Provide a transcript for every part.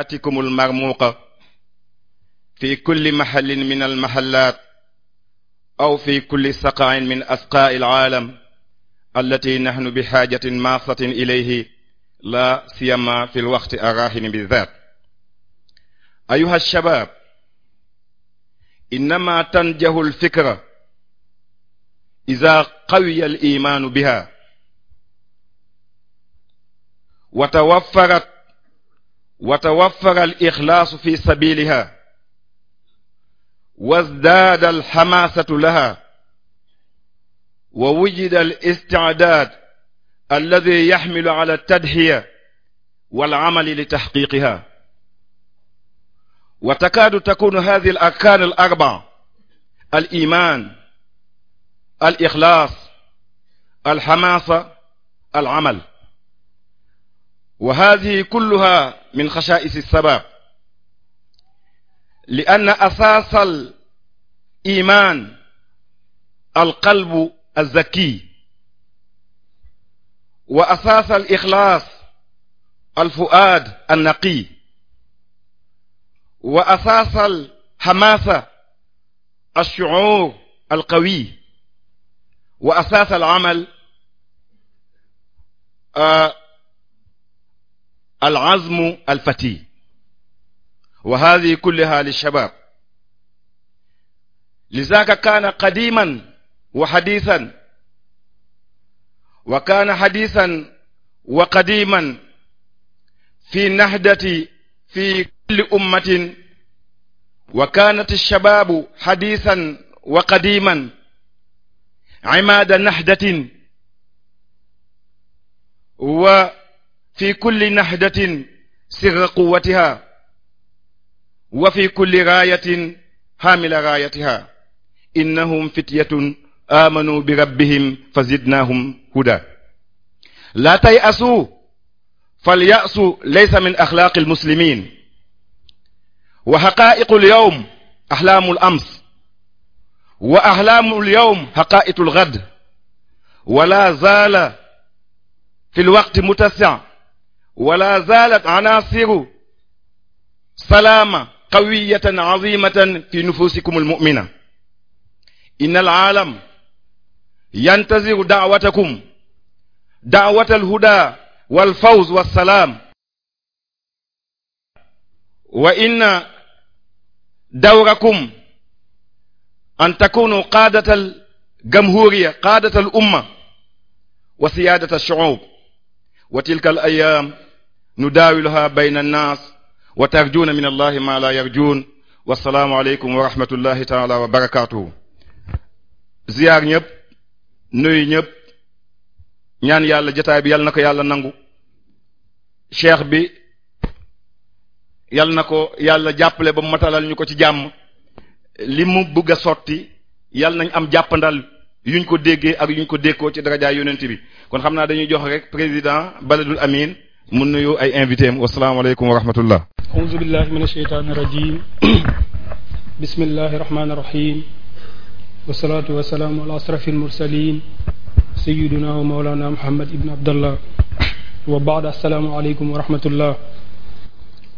atikumul marmuuqa fi kulli mahallin min almahallaat aw fi kulli saqain min asqaa'i alaalam allati nahnu bi xaajatin maasatin ilayhi la siyama fi lwaqti arrahini bizat ayuha alshabaab innama tanjahu alfikra ida qawiya alimaanu biha wa tawaffarat wa tawaffara al ixlaasu fi sabiliha wazdaada al xamaasatu laha wa wujida al isti'daad alladi yaxmilu ala tadxiya wal amali li taxqiqiha wa takaadu takunu haadihi al arkaan al arba'a al iimaan al ixlaas al xamaasa al amal wa haadihi kulluha min xachaa'is alsabab li anna asaasa al iman alqalbu alzaki wa asaasa al ixlaas alfuaad alnaqi wa asaasa al hamaasa alshucuur alqawi wa asaasa alamal العزم الفتي وهذه كلها للشباب لذاك كان قديما وحديثا وكان حديثا وقديما في نهدة في كل أمة وكانت الشباب حديثا وقديما عماد نهدة و fi kulli nahdatin sirra quwatiha wa fi kulli raayatin haamila raayatiha innahum fityatun amanu bi rabbihim fa zidnaahum huda laa tay'asu fal ya'su laysa min axlaaqi almuslimin wa xaqaa'iqu alyawm axlaamu alams wa axlaamu alyawm xaqaa'itu alghad wa laa zaala fi alwaqti mutasia wala zalat anasiru salaama qawiyatan azimatan fi nufusikum almu'mina in alaalam yantaziru da'watakum da'wat alhuda walfawz wassalaam wa inna dawrakum an takunu qaadata algamhuriya qaadata alumma wa siyaadata alshu'ub wa tilka alayaam nu nudaawiluha bayna annaas wa tarjuuna min allahi ma la yarjuun wasalaamu aleykum wa rahmatullahi taala wa barakaatuhu ziyaar ñëpp nuyu ñëpp ñaan yàlla jataay yàlla na ko yàlla nangu cheikh bi yàlla na ko yàlla jàppale ba matalal ñu ko ci jàmm limu mu a sotti yàlla nañ am jàppandal yuñ ko déggee ak yuñ ko dékkoo ci darajaay yonent bi kon xam naa dañuy jox rek président Baladil Amine mu nuyu ay invité am asalaamaaleykum wa rahmatullah auzu billahi min asheytaani rajim bismillahi rahmaani rahim wasalaatu wasalaamu ala asrafi almursalin sayiduna wa maulana muhammad ibn abdallah wa baad assalaamu aleykum wa rahmatullah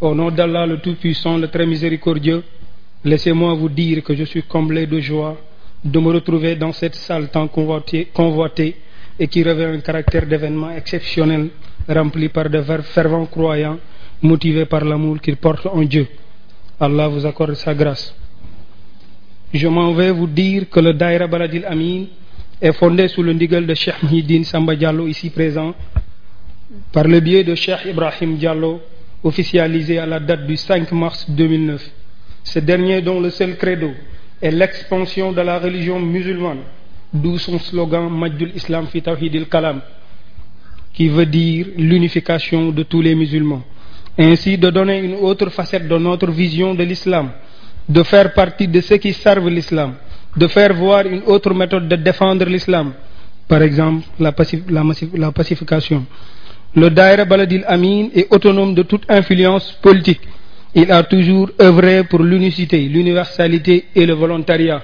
au nom d'Allah le tout-puissant le très miséricordieux laissez-moi vous dire que je suis comblé de joie de me retrouver dans cette salle tant convoitée convoitée et qui revêt un caractère d'événement exceptionnel rempli par de fervents croyants motivés par l'amour qu'ils portent en Dieu. Allah vous accorde sa grâce. Je m'en vais vous dire que le Daïra Baladil Amin est fondé sous le ndigal de Cheikh Mouhidine Samba Diallo ici présent par le biais de Cheikh Ibrahim Diallo officialisé à la date du 5 mars 2009. Ce dernier dont le seul credo est l'expansion de la religion musulmane, d'où son slogan Majjul Islam fi Kalam. qui veut dire l'unification de tous les musulmans. Ainsi, de donner une autre facette de notre vision de l'islam, de faire partie de ceux qui servent l'islam, de faire voir une autre méthode de défendre l'islam, par exemple la, pacif la, la pacification. Le Daïra Baladil Amin est autonome de toute influence politique. Il a toujours œuvré pour l'unicité, l'universalité et le volontariat.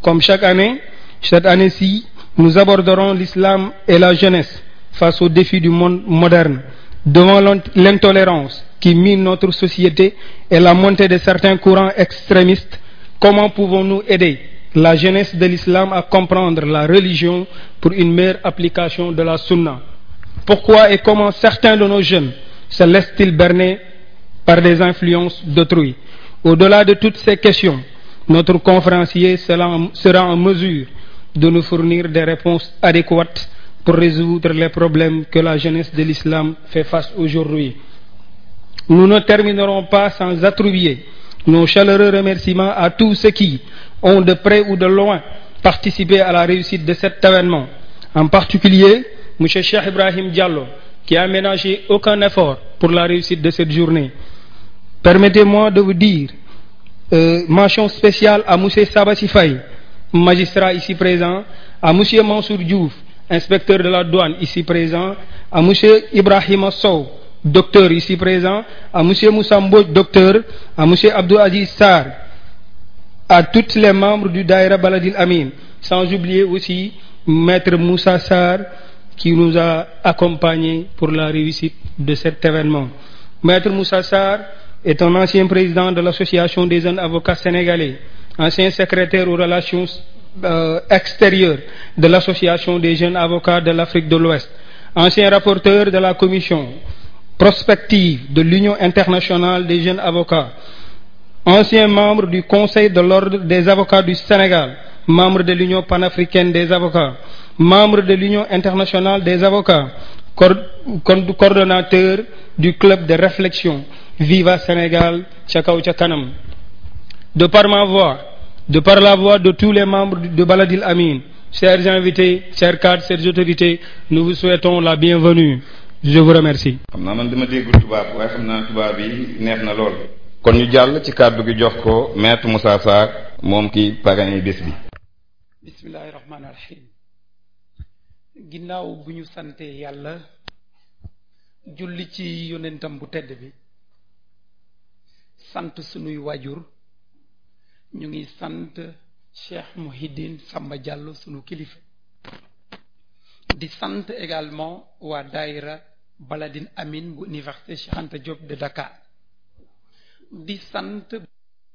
Comme chaque année, cette année-ci, nous aborderons l'islam et la jeunesse. face aux défis du monde moderne, devant l'intolérance qui mine notre société et la montée de certains courants extrémistes, comment pouvons-nous aider la jeunesse de l'islam à comprendre la religion pour une meilleure application de la sunna Pourquoi et comment certains de nos jeunes se laissent-ils berner par des influences d'autrui Au-delà de toutes ces questions, notre conférencier sera en mesure de nous fournir des réponses adéquates pour résoudre les problèmes que la jeunesse de l'islam fait face aujourd'hui. Nous ne terminerons pas sans attribuer nos chaleureux remerciements à tous ceux qui ont de près ou de loin participé à la réussite de cet événement. En particulier, Monsieur Cheikh Ibrahim Diallo, qui a ménagé aucun effort pour la réussite de cette journée. Permettez-moi de vous dire euh, mention spéciale à Monsieur Sabassi Faye, magistrat ici présent, à Monsieur Mansour Diouf, inspecteur de la douane ici présent, à Monsieur Ibrahima Sow, docteur ici présent, à Monsieur Moussa Mbodj, docteur, à Monsieur Abdou Aziz Sarr, à tous les membres du Daïra Baladil Amin, sans oublier aussi Maître Moussa Sarr qui nous a accompagnés pour la réussite de cet événement. Maître Moussa Sarr est un ancien président de l'Association des jeunes avocats sénégalais, ancien secrétaire aux relations euh, extérieure de l'Association des jeunes avocats de l'Afrique de l'Ouest, ancien rapporteur de la commission prospective de l'Union internationale des jeunes avocats, ancien membre du Conseil de l'Ordre des avocats du Sénégal, membre de l'Union panafricaine des avocats, membre de l'Union internationale des avocats, coordonnateur du club de réflexion Viva Sénégal ca kaw ca kanam. De par ma voix de par la voix de tous les membres de Baladil Amin. Chers invités, chers cadres, cher autorités, nous vous souhaitons la bienvenue. Je vous remercie. xam naa man dama déggul tubaab waaye xam naa tubaab yi neex na lool. kon ñu jàll ci kàddu gi jox ko maître Moussa Sarr moom ki parrain bés bismillahi rahmaani rahim. ginnaaw bu ñu santee yàlla. julli ci yonentam bu tedd bi. sant sunuy waajur. ñu ngi sant Cheikh Mouhidine Samba Diallo sunu kilifa di sant également waa daayira Baladine amin bu université Cheikh Anta de Dakar di sant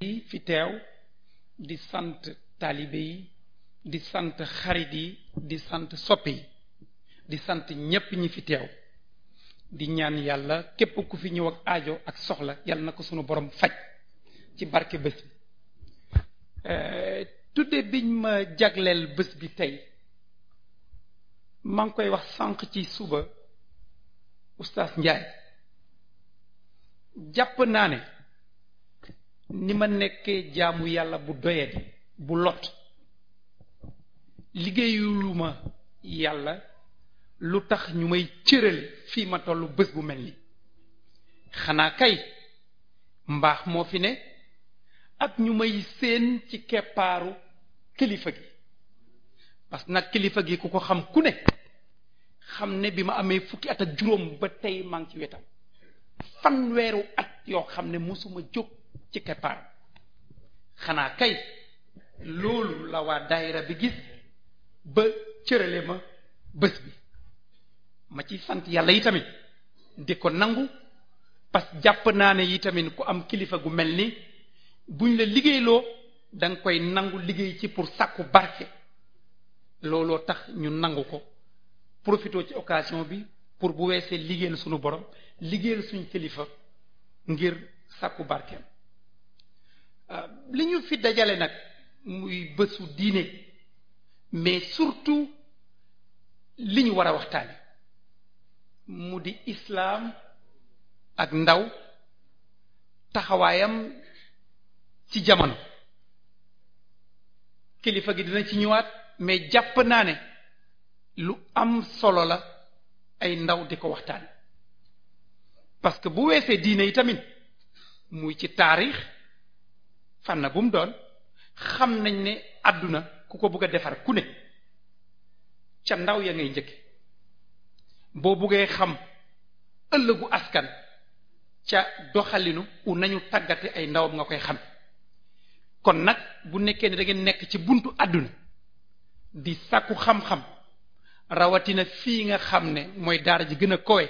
yi fi teew di sant taalibe yi di sant xarit yi di sant soppe yi di sant ñépp ñi fi teew di ñaan yàlla képp ku fi ñëw ak aajo ak soxla yàlla na ko sunu borom faj ci barke bés bi Euh, tudde biñ ma jagleel bés bi tey maa ngi koy wax sànq ci suba oustaz Ndiaye jàpp naa ne ni ma nekkee jaamu yàlla bu doyadi bu lot liggéeyulu ma yàlla lu tax ñu may cëral fii ma tollu bés bu mel ni xanaa kay mbaax moo fi ne ak ñu may séen ci keppaaru kilifa gi parce que nag kilifa gi ku ko xam ku ne xam ne bi ma amee fukki at ak juróom ba tey maa ci wetam fanweeru at yoo xam ne mosuma jóg ci keppaaru xanaa kay loolu la waa daayira bi gis ba cërale ma bés bi ma ci sant yàlla yi tamit di ko nangu parce que jàpp naa ne yi tamit ku am kilifa gu mel ni buñ la liggéeyloo da nga koy nangu liggéey ci pour sàkku barke looloo tax ñu nangu ko profitoo ci occasion bi pour bu weesee liggéeyal suñu borom liggéeyal suñ kilifa ngir sàkku barkeem euh, li ñu fi dajale nag muy bésu diine mais surtout li ñu war a waxtaane mu di islaam ak ndaw taxawaayam ci jamono kilifa gi dina ci ñëwaat mais jàpp naa ne lu am solo la ay ndaw di ko waxtaan parce que bu weesee diine yi tamit muy ci taarix fànn bu mu doon xam nañ ne àdduna ku ko bëgg a defar ku ne ca ndaw ya ngay njëkke boo buggee xam ëllëgu askan ca doxalinu u nañu tàggate ay ndawam nga koy xam kon nag bu nekkee ne da nekk ci buntu àdduna di sàkku xam-xam rawatina fii nga xam ne mooy daara ji gën a kowe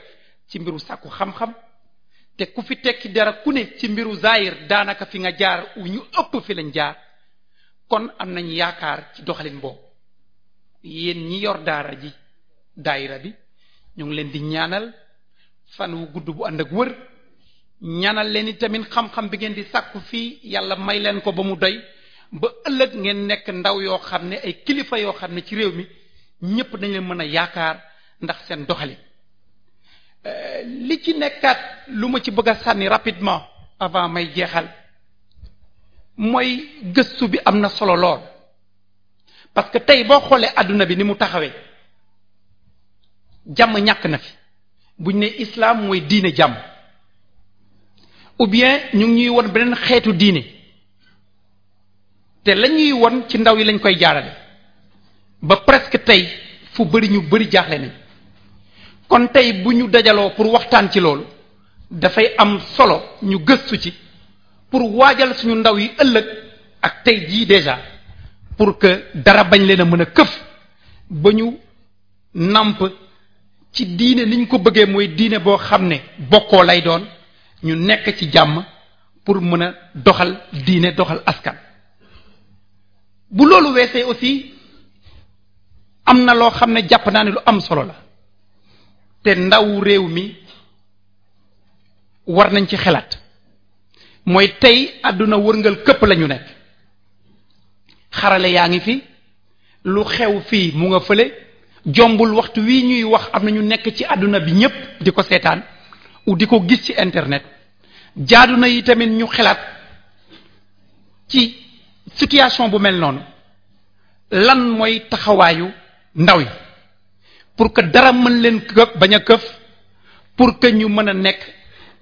ci mbiru sàkku xam-xam te ku fi tekki dara ku ne ci mbiru zaayir daanaka fi nga jaar u ñu ëpp fi lañ jaar kon am nañ yaakaar ci doxalin boobu yéen ñi yor daara ji daayira bi ñoo ngi leen di ñaanal fan wu gudd bu ànd ak wër ñaanal leen itamit xam-xam bi ngeen di sàkku fii yàlla may leen ko ba mu doy ba ëllëg ngeen nekk ndaw yoo xam ne ay kilifa yoo xam ne ci réew mi ñépp dañ leen mën a yaakaar ndax seen doxali euh, li ci nekkaat lu ma ci bëgg a sànni rapidement avant may jeexal mooy gëstu bi am na solo lool parce que tey boo xoolee àdduna bi ni mu taxawee jàmm ñàkk na fi buñ ne islaam mooy diine jàmm ou bien ñu ngi ñuy won beneen xeetu diine te la ñuy won ci ndaw yi lañ koy jaarale ba presque tey fu bëri ñu bëri jaaxle nañ kon tey bu ñu dajaloo pour waxtaan ci loolu dafay am solo ñu gëstu ci pour waajal suñu ndaw yi ëllëg ak tey jii déjà pour que dara bañ leen a mën a këf ba ñu nàmp ci diine niñ ko bëggee mooy diine boo xam ne bokkoo lay doon ñu nekk ci jàmm pour mën a doxal diine doxal askan bu loolu weesee aussi am na loo xam ne jàpp naa ne lu am solo la te ndaw réew mi war nañ ci xelaat mooy tey àdduna wërngal këpp lañu nekk xarale yaa ngi fi lu xew fii mu nga fële jombul waxtu wi ñuy wax am na ñu nekk ci àdduna bi ñépp di ko seetaan ou di ko gis ci internet jaadu na yi tamit ñu xalaat ci situation bu mel noonu lan mooy taxawaayu ndaw yi pour que dara mën leen këf bañ a këf pour que ñu mën a nekk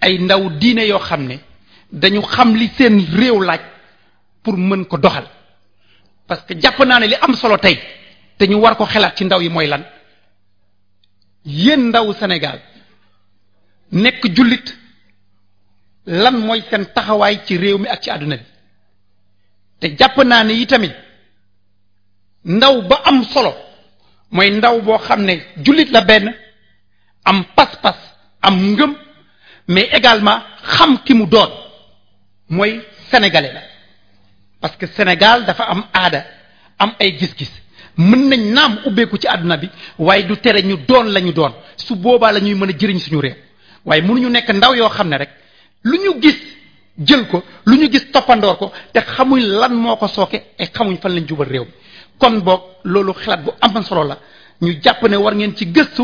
ay ndaw diine yoo xam ne dañu xam li seen réew laaj pour mën ko doxal parce que jàpp naa ne li am solo tey te ñu war ko xelaat ci ndaw yi mooy lan yéen ndaw Sénégal nekk jullit lan mooy seen taxawaay ci réew mi ak ci àdduna bi te jàpp naa ne itamit ndaw ba am solo mooy ndaw boo xam ne jullit la benn am pas-pas am ngëm mais également xam ki mu doon mooy sénégalais la parce que Sénégal dafa am aada am ay gis-gis mën nañ naam ubbeeku ci àdduna bi waaye du tere ñu doon la ñu doon su boobaa la ñuy mën a jëriñ suñu réew waaye mënuñu nekk ndaw yoo xam ne rek lu ñu gis jël ko lu ñu gis toppandoor ko te xamuñ lan moo ko sooke ay xamuñ fan lañ jubal réew kon boog loolu xalaat bu am solo la ñu jàpp ne war ngeen ci gëstu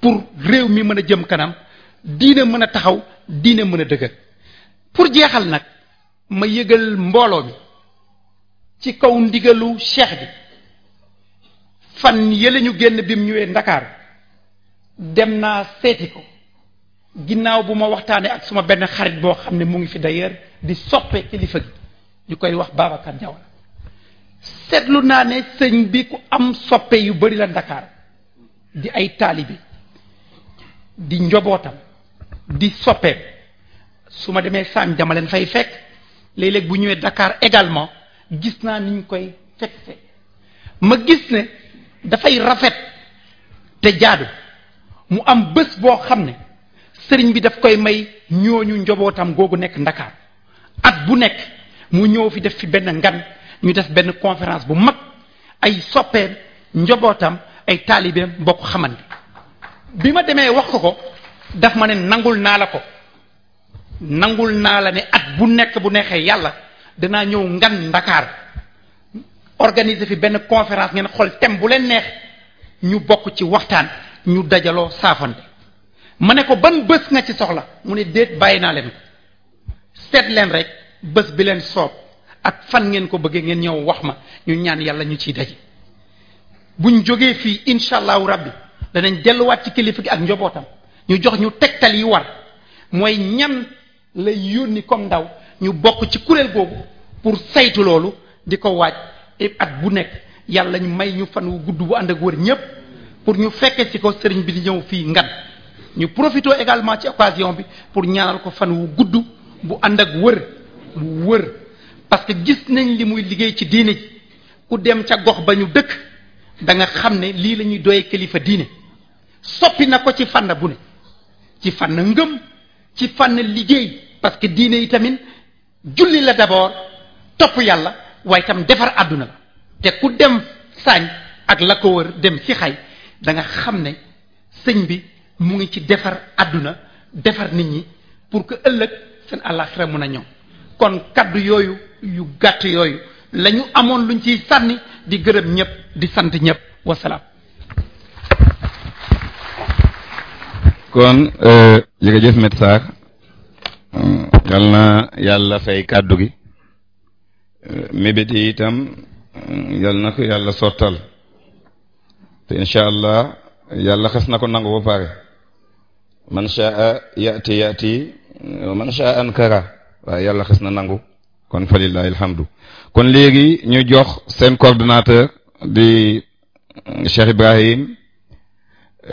pour réew mi mën a jëm kanam diine mën a taxaw diine mën a dëgër pour jeexal nag ma yëgal mbooloo mi ci kaw ndigalu cheikh bi fan yële ñu génn bim ñëwee Ndakaaru dem naa seeti ko ginnaaw bu ma waxtaanee ak suma benn xarit boo xam ne mu ngi fi d'ailleurs di soppe kilifa gi ñu koy wax Babacar Diawara seetlu naa ne sëñ bi ku am soppe yu bari la Ndakaar di ay taalibi di njobootam di soppeem suma demee Sàmm dama leen fay fekk léeg bu ñëwee Dakar également gis naa ni ñu koy fekk ma gis ne dafay rafet te jaadu mu am bés boo xam ne sëriñ bi daf koy may ñooñu njobootam googu nekk ndakaar at bu nekk mu ñëw fi def fi benn ngan ñu def benn conférence bu mag ay soppeem njobootam ay taalibeem bokk xamante bi ma demee wax ko ko daf ma ne nangul naa la ko nangul naa la ne at bu nekk bu neexee yàlla danaa ñëw ngan ndakaar organiser fi benn conférence ngeen xool thème bu leen neex ñu bokk ci waxtaan ñu dajaloo saafante ma ne ko ban bés nga ci soxla mu ne déet bàyyi naa leen seet leen rek bés bi leen soob ak fan ngeen ko bëggee ngeen ñëw wax ma ñu ñaan yàlla ñu ciy daje buñ jógee fii incha allahu rabbi danañ delluwaat ci kilifa gi ak njobootam ñu jox ñu tegtal yi war mooy ñan lay yónni comme ndaw ñu bokk ci kuréel googu pour saytu loolu di ko waaj at bu nekk yàlla ñu may ñu fan wu gudd bu ànd ak wër ñépp pour ñu fekkee ci ko sëriñ bi di ñëw fii ngan ñu profité également ci occasion bi pour ñaanal ko fan wu gudd bu ànd ak wër bu wër parce que gis nañ li muy liggéey ci diine ji ku dem ca gox ba ñu dëkk da nga xam ne lii la ñuy doyee kilifa diine soppi na ko ci fànn bu ne ci fànn ngëm ci fànn liggéey parce que diine yi tamit julli la d'abord topp yàlla waaye tam defar àdduna la te ku dem saañ ak la ko wër dem ci xay danga xam ne sëñ bi mu ngi ci defar àdduna defar nit ñi pour que ëllëg seen àllaaxira mun a ñëw kon kàddu yooyu yu gàtt yooyu lañu ñu amoon luñ ciy sànni di gërëm ñëpp di sant ñëpp wasalaam. kon euh, jërëjëf Maître Sarr euh, yal na yàlla fay kàddu gi euh, mébét yi itam yal na ko yàlla sottal te incha allah yàlla xas na ko nangu ba pare. man shaa yati yati man shaa ankara waaye yàlla xis na nangu kon falillahi alhamdu kon léegi ñu jox seen coordonnateur di euh, Cheikh Ibrahim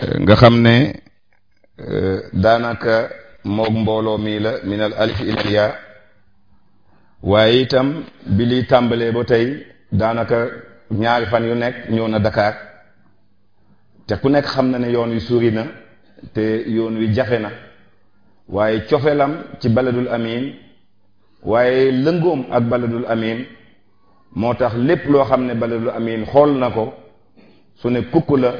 euh, nga xam ne euh, daanaka moog mbooloo mii la min al alif ila ya waaye itam bi liy tàmbalee ba tey daanaka ñaari fan yu nekk ñëw na Dakar te ku nekk xam na ne yoon yu suuri na te yoon wi jafe na waaye cofelam ci baladul amin waaye lëngoom ak baladul amin moo tax lépp loo xam ne baladul amin xool na ko su ne kukk la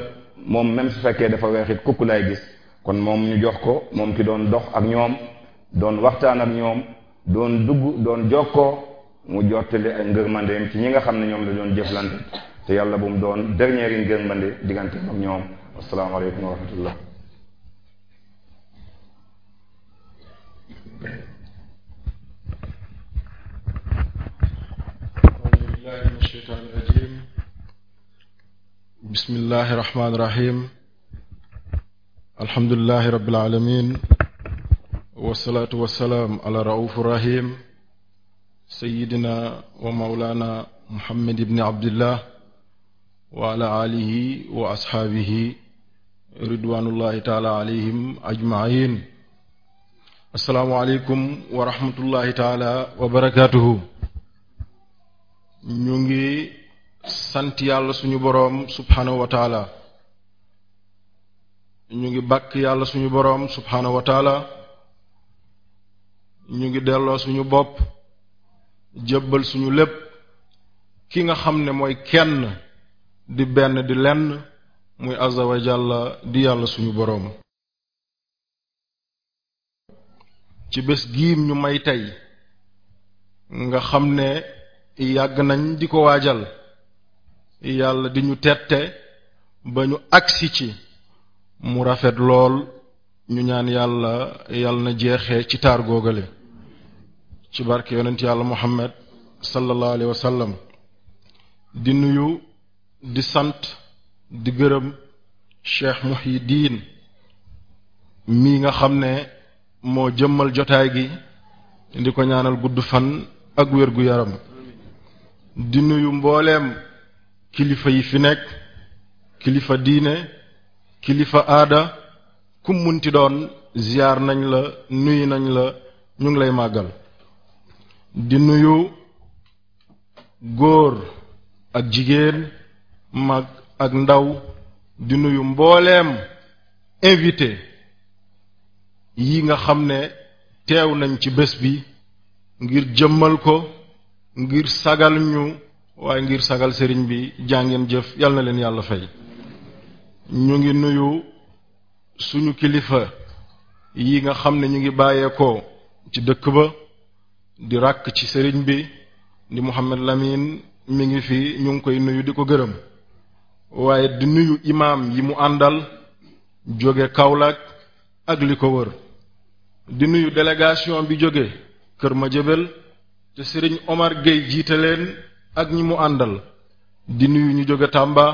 moom même su fekkee dafa weexit kukk lay gis kon moom ñu jox ko moom ki doon dox ak ñoom doon waxtaan ak ñoom doon dugg doon jokkoo mu jottali ay ngërmandeem ci ñi nga xam ne ñoom la doon jëflante te yàlla bu mu doon dernier yi ngërmande diggante ak ñoom asalaamaaleykum wa rahmatullah أعوذ بالله من الشيطان الرجيم بسم الله الرحمن الرحيم الحمد لله رب العالمين والصلاة والسلام على رؤوف الرحيم سيدنا ومولانا محمد بن عبد الله وعلى آله وأصحابه رضوان الله تعالى عليهم أجمعين asalaamaaleykum wa rahmatullahi taala wa barakaatuhu ñu ngi sant yàlla suñu boroom subhaanahu wa taala ñu ngi bàkk yàlla suñu boroom subhaanahu wa taala ñu ngi delloo suñu bopp jébbal suñu lépp ki nga xam ne mooy kenn di benn di lenn muy azza wa jalla di yàlla suñu boroom ci bés giim ñu may tey nga xam ne yàgg nañ di ko waajal yàlla di ñu tette ba ñu agsi ci mu rafet lool ñu ñaan yàlla yàlla na jeexee ci taar googale ci barke yonent yàlla muhammad sallallahu alayhi wa di nuyu di sant di gërëm cheikh muhiddin mii nga xam ne moo jëmmal jotaay gi di ko ñaanal gudd fan ak wér gu yaram di nuyu mbooleem kilifa yi fi nekk kilifa diine kilifa aada ku munti doon ziyaar nañ la nuyu nañ la ñu ngi lay màggal di nuyu góor ak jigéen mag ak ndaw di nuyu mbooleem invité yi nga xam ne teew nañ ci bés bi ngir jëmmal ko ngir sagal ñu waaye ngir sagal sëriñ bi jàngeen jëf yàlla na leen yàlla fay ñu ngi nuyu suñu kilifa yi nga xam ne ñu ngi bàyyeekoo ci dëkk ba di ràkk ci sëriñ bi di Mouhamed Lamine mi ngi fi ñu ngi koy nuyu di ko gërëm waaye di nuyu imaam yi mu àndal jóge Kaolack ak li ko wër di nuyu délégation bi jóge Kër ma Madiabel te Serigne Omar Gueye jiite leen ak ñi mu àndal di nuyu ñu jóge Tamba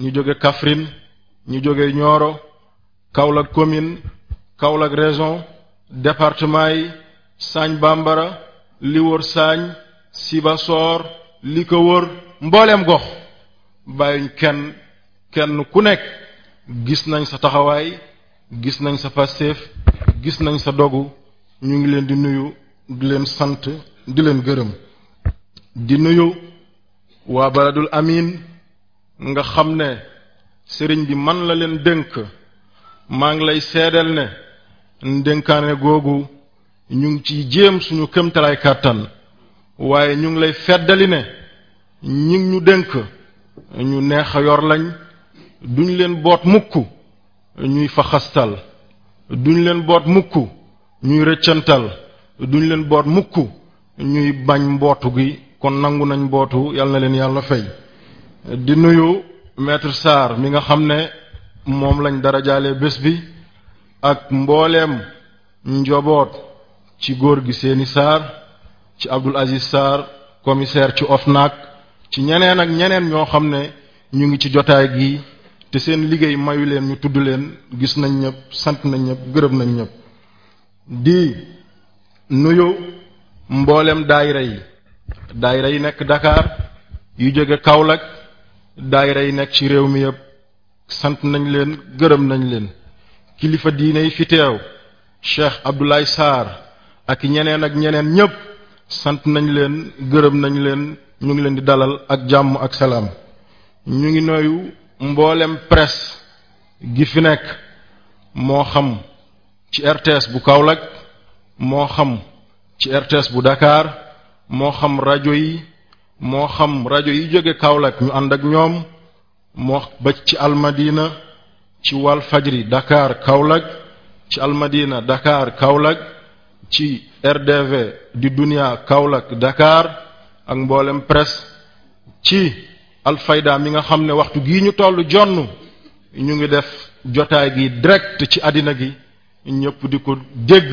ñu jóge Kaffrine ñu jóge Nioro Kaolack commune Kaolack région département yi Sagne Bambara li wër saañ Sibassor li ko wër mbooleem gox bàyyiñ kenn kenn ku nekk gis nañ sa taxawaay gis nañ sa pastéef gis nañ sa dogu ñu ngi leen di nuyu di leen sant di leen gërëm di nuyu waa baladul amin nga xam ne sëriñ bi man la leen dénk maa ngi lay seedeel ne ndénkaane googu ñu ngi ciy jéem suñu këmtalaay kàttan waaye ñu ngi lay feddali ne ñi ñu dénk ñu neex a yor lañ duñ leen boot mukk ñuy faxastal duñ leen boot mukk ñuy rëccantal duñ leen boot mukk ñuy bañ mbootu gi kon nangu nañ mbootu yàlla na leen yàlla fay di nuyu metre saar mi nga xam ne moom lañ dara jaale bés bi ak mbooleem njoboot ci góor gi seeni saar ci Abdoul Aziz Sarr commissaire ci OFNAC ci ñeneen ak ñeneen ñoo xam ne ñu ngi ci jotaay gi te seen liggéey mayu leen ñu tudd leen gis nañ ñëpp sant nañ ñëpp gërëm nañ ñëpp di nuyu mboolem daayira yi daayira yi nekk dakaar yu jóge Kaolack daayira yi nekk ci réew mi yëpp sant nañ leen gërëm nañ leen kilifa diine yi fi teew Cheikh Abdoulaye Sarr ak ñeneen ak ñeneen ñëpp sant nañ leen gërëm nañ leen ñu ngi leen di dalal ak jàmm ak salaam ñu ngi nooyu mboolem presse gi fi nekk moo xam ci RTS bu Kaolack moo xam ci RTS bu dakaar moo xam rajo yi moo xam rajo yi jóge Kaolack ñu ànd ak ñoom moo ba ci almadina ci wal fajri Dakar Kaolack ci almadina Dakar Kaolack ci RDV di dunia Kaolack Dakar ak mbooleem presse ci alfayda mi nga xam ne waxtu gi ñu toll jonn ñu ngi def jotaay gi direct ci àddina gi ñëpp di ko dégg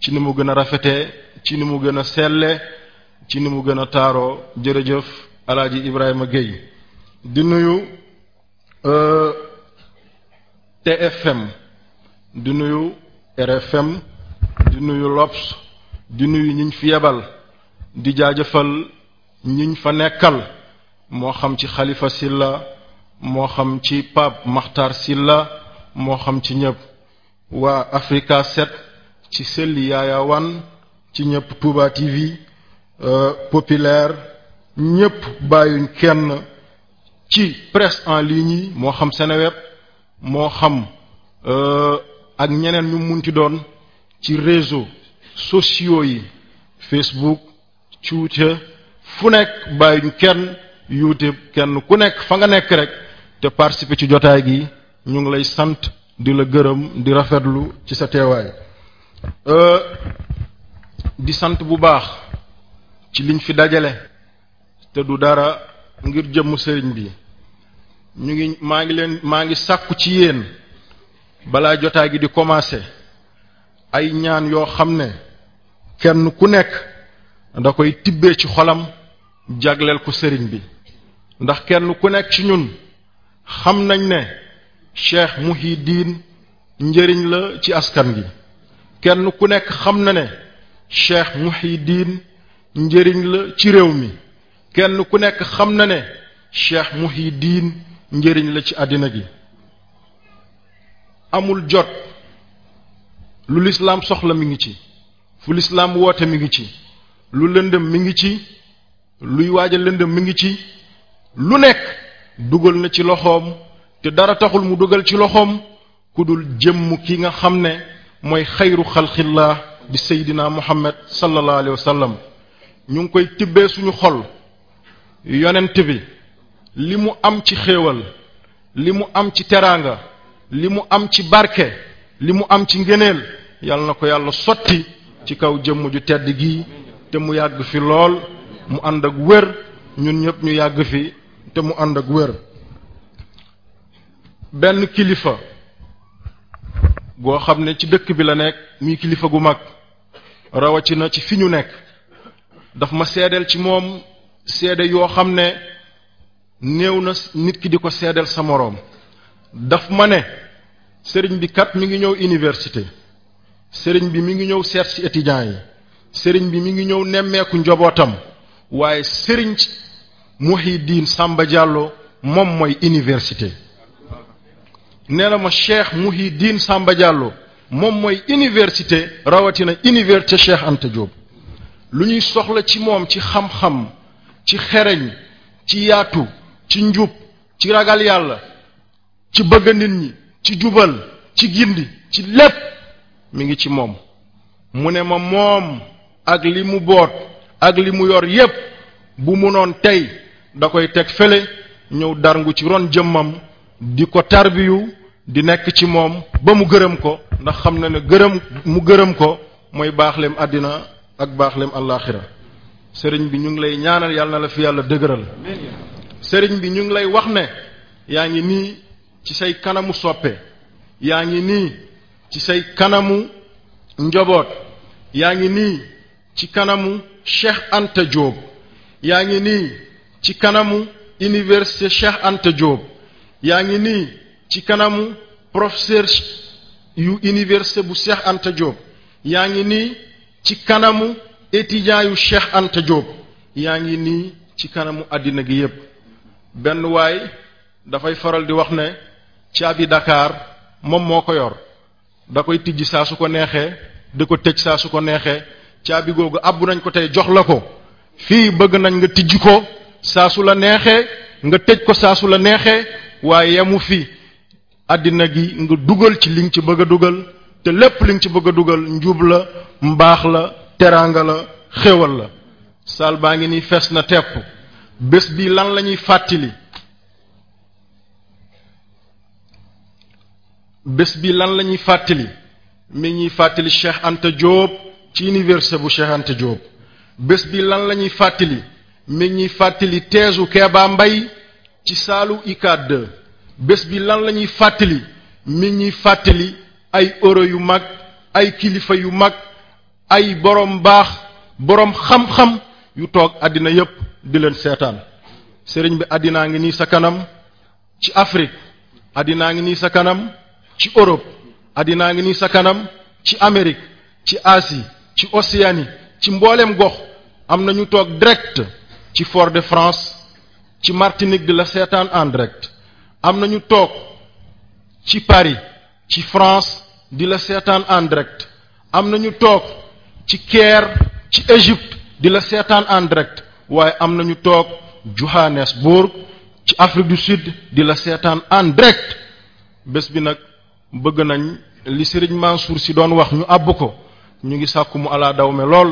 ci ni mu gën a rafetee ci ni mu gën a selle ci ni mu gën a taaroo jërëjëf alaaji Ibrahima Gueye di nuyu euh, TFM di nuyu RFM di nuyu LOPS di nuyu ñiñ fi yebal di jaajëfal ñiñ fa nekkal moo xam ci xalifa silla moo xam ci Pape maxtar Silla moo xam ci ñëpp waa Africa 7 ci selli yaaya wan ci ñëpp Touba TV euh, populaire ñëpp bàyyuñ kenn ci presse en ligne yi moo xam Seneweb moo xam euh, ak ñeneen ñu munti doon ci réseau sociaux yi Facebook Twitter fu nekk bàyyuñ kenn youtube kenn ku nekk fa nga nekk rek te participer ci jotaay gi ñu ngi lay sant di la gërëm di rafetlu ci sa teewaay euh, di sant bu baax ci liñ fi dajale te du dara ngir jëmm sëriñ bi ñu ngi maa ngi leen maa ngi sàkku ci yeen balaa jotaay gi di commencer ay ñaan yoo xam ne kenn ku nekk da koy tibbee ci xolam jagleel ko sëriñ bi ndax kenn ku nekk ci ñun xam nañ ne Cheikh diin njëriñ la ci askan gi kenn ku nekk xam na ne Cheikh Mouhidine njëriñ la ci réew mi kenn ku nekk xam na ne Cheikh Mouhidine njëriñ la ci àddina gi amul jot lu lislaam soxla mi ngi ci fu lislaam woote mi ngi ci lu lëndëm mi ngi ci luy waaja lëndëm mi ngi ci lu nekk dugal na ci loxoom te dara taxul mu dugal ci loxoom ku dul jëmm ki nga xam ne mooy xayru xalqillah di seydina muhammad sallallahu alayhi ñu ngi koy tibbee suñu xol yonent bi li mu am ci xéewal li mu am ci teraanga li mu am ci barke li mu am ci ngëneel yàlla na ko yàlla sotti ci kaw jëmm ju tedd gi te mu yàgg fi lool mu ànd ak wér ñun ñëpp ñu yàgg fi te mu ànd ak wér benn kilifa goo xam ne ci dëkk bi la nekk muy kilifa gu mag rawatina ci fi ñu nekk daf ma seedeel ci moom seede yoo xam ne néew na nit ki di ko seedeel sa moroom daf ma ne sëriñ bi kat mi ngi ñëw université sëriñ bi mi ngi ñëw seet ci étudiants yi sëriñ bi mi ngi ñëw nemmeeku njobootam waaye sëriñ Mouhidine Samba Diallo moom mooy université nee na ma Cheikh Mouhidine Samba Diallo moom mooy iniversité rawatina université Cheikh Anta Diop lu ñuy soxla ci moom ci xam-xam ci xereñ ci yaatu ci njub ci ragal yàlla ci bëgg nit ñi ci jubal ci gindi ci lépp mi ngi ci moom mu ne ma moom ak li mu boot ak li mu yor yépp bu munoon tey da koy teg fële ñëw darngu ci ron jëmmam di ko tarbiyu di nekk ci moom ba mu gërëm ko ndax xam na ne gërëm mu gërëm ko mooy baaxleem àddina ak baaxleem àllaaxira sëriñ bi ñu ngi lay ñaanal yàlla na la fi yàlla dëgëral sëriñ bi ñu ngi lay wax ne yaa ngi nii ci say kanamu soppe yaa ngi nii ci say kanamu njaboot yaa ngi nii ci kanamu Cheikh Anta Diop yaa ngi nii ci kanamu université Cheikh Anta Diop yaa ngi nii ci kanamu professeur yu université bu Cheikh Anta Diop yaa ngi nii ci kanamu étudiant Cheikh Anta yaa ngi nii ci kanamu àddina gi yépp benn waay dafay faral di wax ne caabi Dakar moom moo ko yor da koy tijji saa su ko neexee da ko tëj saa su ko neexee caabi googu àbb nañ ko tey jox la ko fii bëgg nañ nga tijji ko saa su la neexee nga tëj ko saasu la neexee waaye yamu fi àddina gi nga dugal ci li nga ci bëgg a dugal te lépp li nga ci bëgg a dugal njub la mbaax la teraanga la xéwal la saal baa ngi ni fees na tepp bés bi lan la ñuy fàttali bés bi lan la ñuy fàttali mi ñuy fàttali Cheikh Anta Diop ci université bu Cheikh Anta Diop bés bi lan lañuy fàttali mi ngi fàttali teesu Kéba mbay ci saalu ICAD 2 bés bi lan la ñuy fàttali mi fàttali ay euro yu mag ay kilifa yu mag ay borom baax borom xam-xam yu toog àddina yépp di leen seetaan sëriñ bi àddinaa ngi nii sa kanam ci Afrique àddinaa ngi nii sa kanam ci Europe àddinaa ngi nii sa kanam ci Amérique ci Asie ci Océanie ci mbooleem gox am na ñu toog direct ci Fort de France ci Martinique di la seetaan en am na ñu toog ci Paris ci France di la seetaan en am na ñu toog ci Caire ci Égypte di la seetaan en waaye am na ñu toog Johannesburg ci Afrique du Sud di la seetaan en bés bi nag bëgg nañ li Sëriñ Mansour si doon wax ñu àbb ko ñu ngi sàkkumu mu daw me lool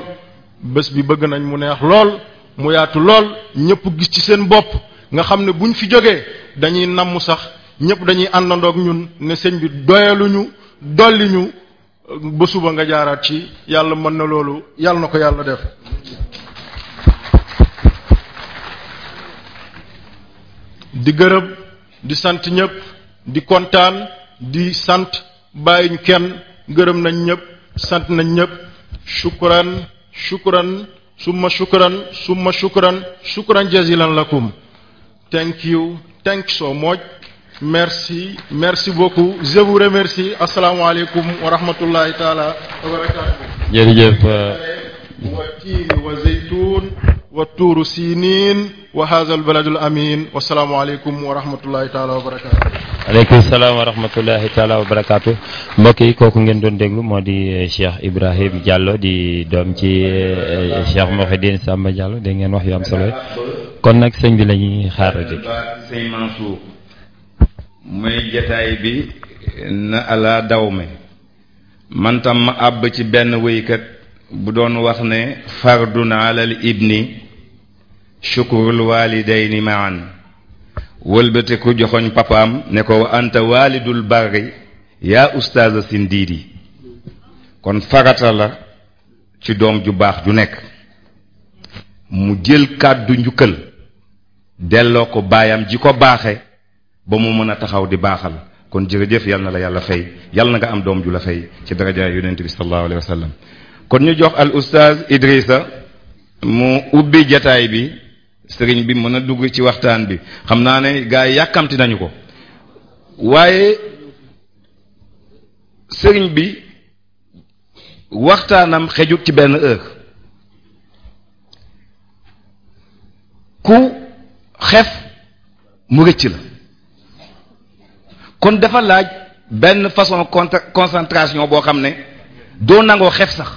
bés bi bëgg nañ mu neex lool mu yaatu lool ñëpp gis ci seen bopp nga xam ne buñ fi jógee dañuy namm sax ñëpp dañuy àndandoog ñun ne sëñ bi doyaluñu dolli ñu ba suba nga jaaraat ci yàlla mën na loolu yàlla na ko yàlla def di gërëm di sant ñëpp di kontaan di sant bàyyiñu kenn gërëm nañ ñëpp sant nañ ñëpp shukran shukran summa shukran summa shukran shukran jazilan lakum thank you thank so much merci merci beaucoup je vous remercie asalaamaaleykum wa rahmatullahi taala wa barakatuh jërëjëf euh, wa tiini wa zeytun wa tuuru sinin wa hadha albaladu al amin wasalaamualeykum wa rahmatullahi taala wa barakatuh aleykum salaam wa rahmatullahi taala wa mbokk yi kooku ngeen doon déglu moo di eh, Cheikh Ibrahim Diallo di doom ci eh, eh, Cheikh Mouhidine Samba Diallo dégg ngeen wax yu am solo kon nag sëñ bi la ñuy xaar muy jataay bi na ala daw man tam ma àbb ci benn wéykat bu doon wax ne fardun alal ibni shukrul walidayni maan wëlbateku joxoñ papaam ne ko wa anta waalidul barri yaa ustaaza sindiidi kon farata la ci doom ju baax ju nekk mu jël kàddu njukkal delloo ko baayam ji ko baaxe ba mu mën a taxaw di baaxal kon jërëjëf yal na la yàlla fay yal na nga am doom ju la fay ci darajaay yonent bi sallallahu alayhi wa sallam mu ubbi jataay bi sëriñ bi mën a dugg ci waxtaan bi xam naa ne gaa yi yàkkamti nañu ko waaye sëriñ bi waxtaanam xejut ci benn heure ku xef mu rëcc la kon dafa laaj benn façon concentration boo xam ne doo nangoo xef sax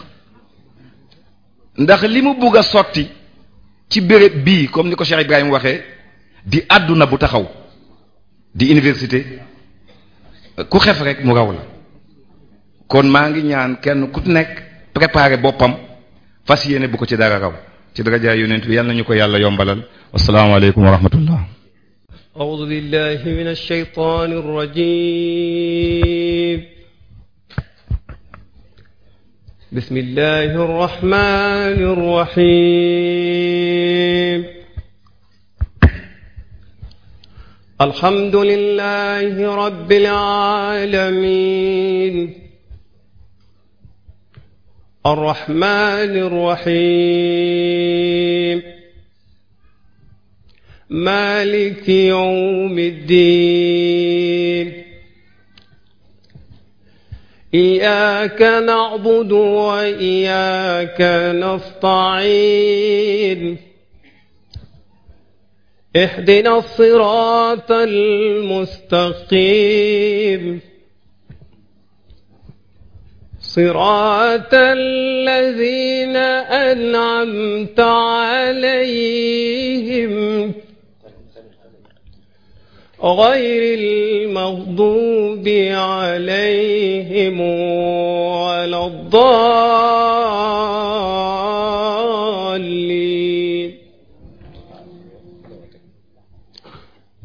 ndax li mu bugg a sotti ci béréb bii comme ni ko Cheikh Ibrahima waxee di àdduna bu taxaw di université ku xef rek mu raw la kon maa ngi ñaan kenn ku nekk préparé boppam fas yéene bu ko ci dara raw ci darajaay yonent bi yàlla nañu ko yàlla yombalal asalaamaaleykum wa rahmatullah بسم الله الرحمن الرحيم الحمد لله رب العالمين الرحمن الرحيم مالك يوم الدين إياك نعبد وإياك نستعين اهدنا الصراط المستقيم صراط الذين أنعمت عليهم غير المغضوب عليهم ولا الضالين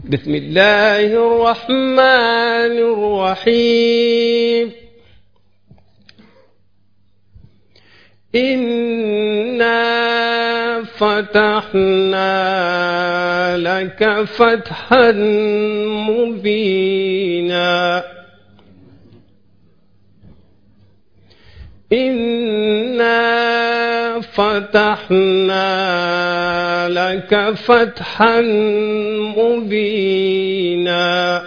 بسم الله الرحمن الرحيم إِنَّا فتحنا لك فتحا مبينا إنا فتحنا لك فتحا مبينا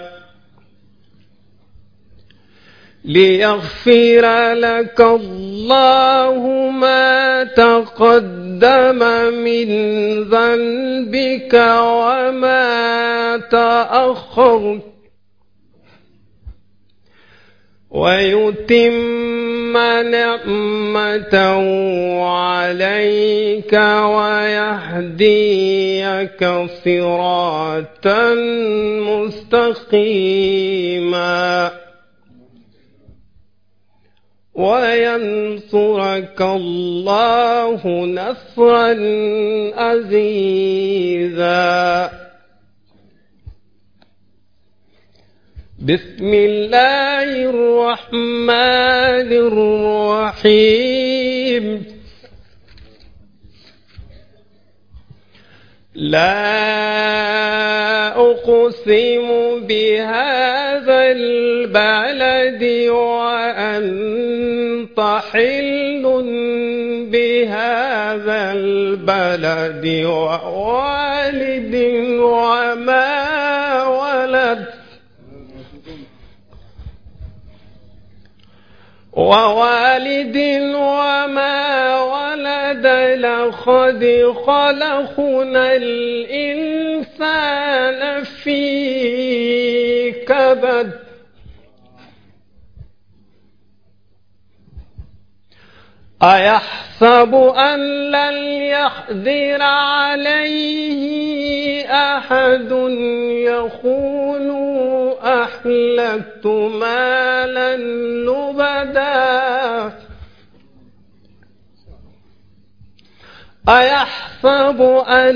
ليغفر لك الله ما تقدم من ذنبك وما تأخر ويتم نعمته عليك ويهديك صراطا مستقيما وينصرك الله نصرا عزيزا بسم الله الرحمن الرحيم لا أقسم بهذا حل بهذا البلد ووالد وما ولد ووالد وما ولد لقد خلقنا الإنسان في كبد أيحسب أن لن يحذر عليه أحد يقول أحلكت مالا لبدا أيحسب أن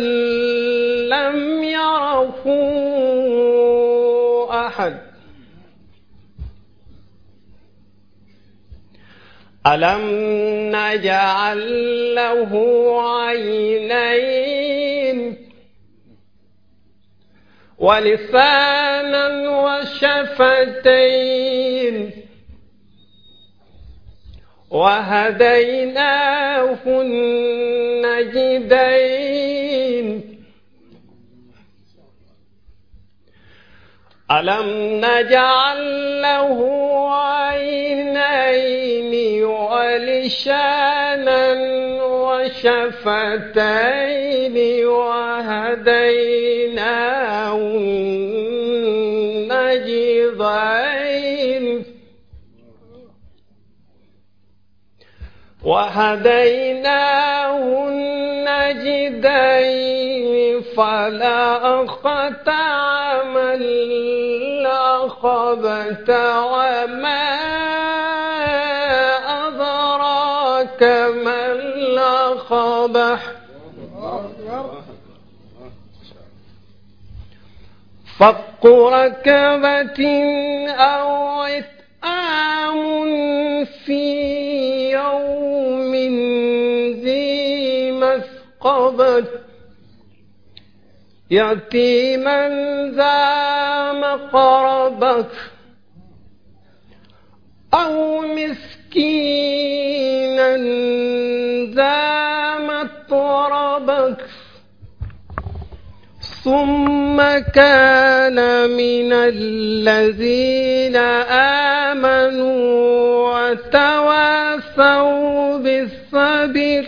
لم يره ألم نجعل له عينين ولسانا وشفتين وهديناه النجدين ألم نجعل له عينين ولسانا وشفتين وهديناه النجدين وهديناه النجدين فلا أقطع من لقبت وما فك ركبة أو إطعام في يوم ذي مسقبة يتيما ذا مقربة أو مسكينا ذا متربك ثم كان من الذين آمنوا وتواصوا بالصبر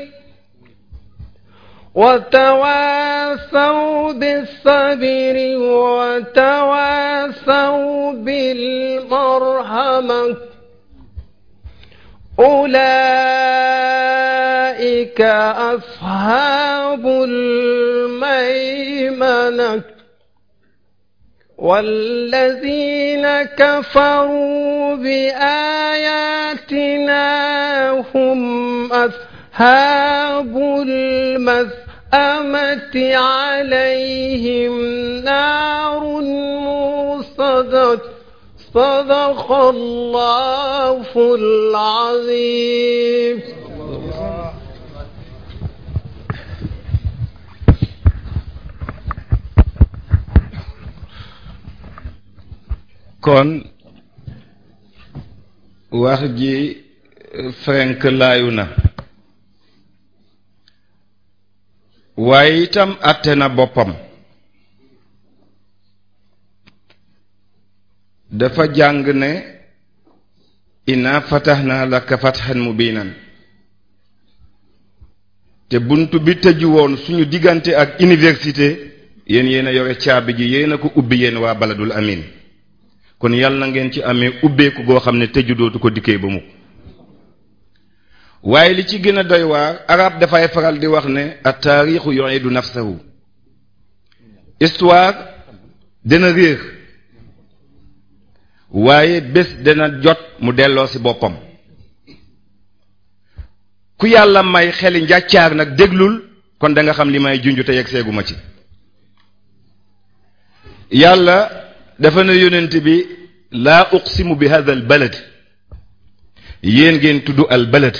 وتواصوا بالصبر وتواصوا بالمرحمة أولئك أصحاب الجنة أيمنك والذين كفروا بآياتنا هم أصحاب المسأمة عليهم نار مرصدة صدق الله العظيم kon wax ji fenk laayu na waaye itam àtte na boppam dafa jàng ne inna fataxna laka fatxan mubinan te bunt bi tëju woon suñu diggante ak université yéen yéen a yore caabi ji yéen a ko ubbi yen waa baladul amin kon yàlla na ngeen ci amee ubbeeku goo xam ne te dootu ko dikkee ba mukk waaye li ci gën a doy waar arab dafay faral di wax ne a taarixu yu'idu nafsahu histoire dana réer waaye bés dana jot mu delloo ci boppam ku yàlla may xeli njàccaar nag déglul kon danga xam li may junj te seeguma ci yàlla dafa ne yonent bi laa uqsimu bi hadha al balad yéen ngeen tudd al balad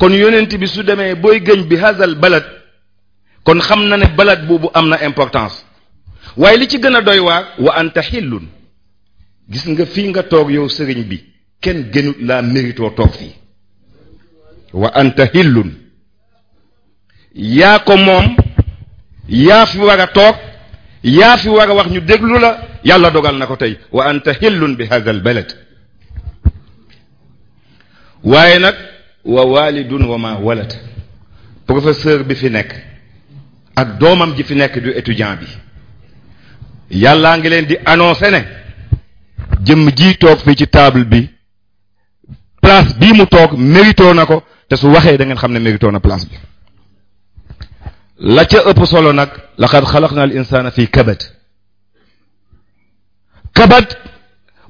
kon yonent bi su demee booy gëñ bi hadha al kon xam na ne balad boobu am na importance waaye li ci gën a doy waa wa anta xillun gis nga fii nga toog yow sëriñ bi kenn gënut laa méritoo toog fii wa anta xillun yaa ko moom yaa fi war a toog yaa fi war a wax ñu déglu la yàlla dogal na ko tey wa anta xillun bi hadha al waaye nag wa walidun wa ma walad professeur bi fi nekk ak doomam ji fi nekk du étudiant bi yàllaa ngi leen di annoncé ne jëmm ji toog fii ci table bi place bii mu toog mérito na ko te su waxee da ngeen xam ne mérito na place bi la ca ëpp solo nag laqad xalaqna al insana fi kabad kabad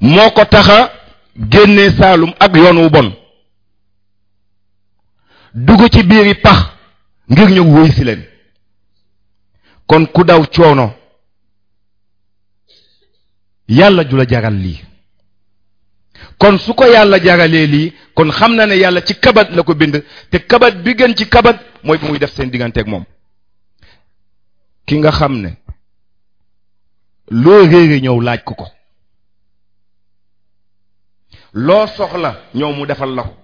moo ko taxa génnee saalum ak yoon wu bon dugg ci biiri pax ngir ñëw wuy si leen kon ku daw coono yàlla jula la jaral lii kon su ko yàlla jaralee lii kon xam na ne yàlla ci kabat la ko bind te kabat bi gën ci kabat mooy bu muy def seen digganteeg moom ki nga xam ne loo réere ñëw laaj ko ko loo soxla ñëw mu defal la ko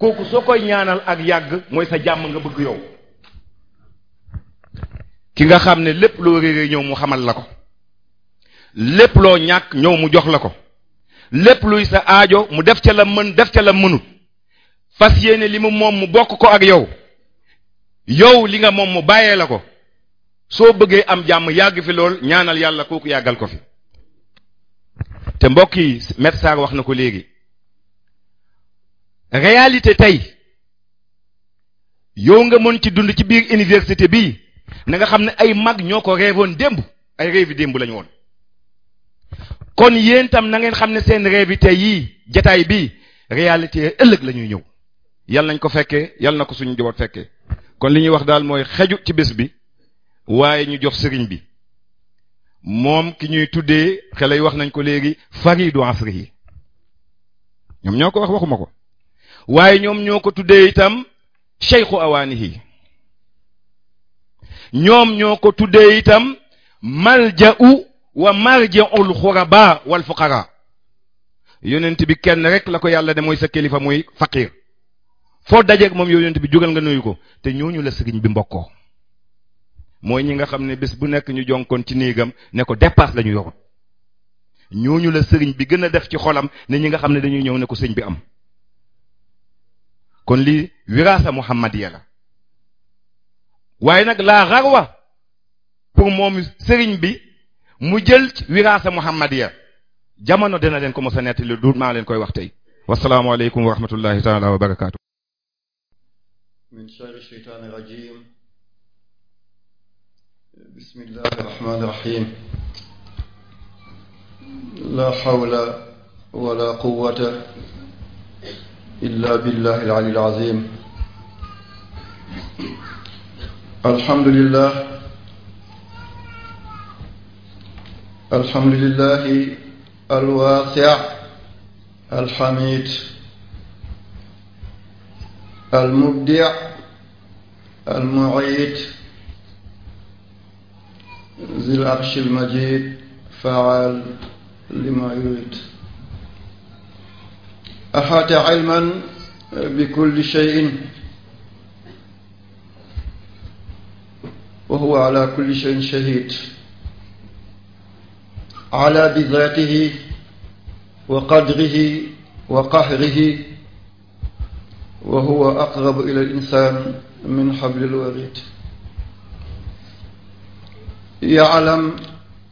kooku soo koy ñaanal ak yàgg mooy sa jàmm nga bëgg yow ki nga xam ne lépp loo réere ñëw mu xamal la ko lépp loo ñàkk ñëw mu jox la ko lépp luy sa aajo mu def ca la mën def ca la mënut fas yéene li mu moom mu bokk ko ak yow yow li nga moom mu bàyyee la ko soo bëggee am jàmm yàgg fi lool ñaanal yàlla kooku yàggal ko fi te mbokk yi Maître wax na ko léegi réalité tey yow nga mën ci dund ci biir université bi na nga xam ne ay mag ñoo ko réewoon démb ay réewi démb lañu woon kon yéen tam na ngeen xam ne seen réewi tey yii jataay bi réalité ëllëg la ñuy ñëw yal nañ ko fekke yal na ko suñ njaboot fekkee kon li ñuy wax daal mooy xeju ci bés bi waaye ñu jox sëriñ bi moom ki ñuy tuddee xelay wax nañ ko léegi faridu asri yi ñoom ñoo ko wax waxuma ko waaye ñoom ñoo ko tuddee itam cheikhu awaanihi ñoom ñoo ko tuddee itam malja'u wa marja'ul xuraba wal fuqara yonent bi kenn rek la ko yàlla de mooy sa kilifa muy faqir foo dajeeg moom yow yonent bi jugal nga nuyu ko te ñu la sëriñ bi mbokkoo mooy ñi nga xam ne bés bu nekk ñu jonkoon ci néegam ne ko dépasse la ñu yorut ñooñu la sëriñ bi gën a def ci xolam ne ñi nga xam ne dañuy ñëw ne ko sëñ bi am kon li wiraasa muhammadiya la waaye nag laa xarwa pour moom sëriñ bi mu jël wiraasa muhammadiya jamono dina leen ko mos a nettali du maa leen koy wax tey wasalaamualeykum wa rahmatullahi taala wa barakaatu من شر الشيطان الرجيم بسم الله الرحمن الرحيم لا حول ولا قوة إلا بالله العلي العظيم الحمد لله الحمد لله الواسع الحميد المبدع المعيد ذي العرش المجيد فعال لما يريد أحاط علما بكل شيء وهو على كل شيء شهيد على بذاته وقدره وقهره وهو أقرب إلى الإنسان من حبل الوريد يعلم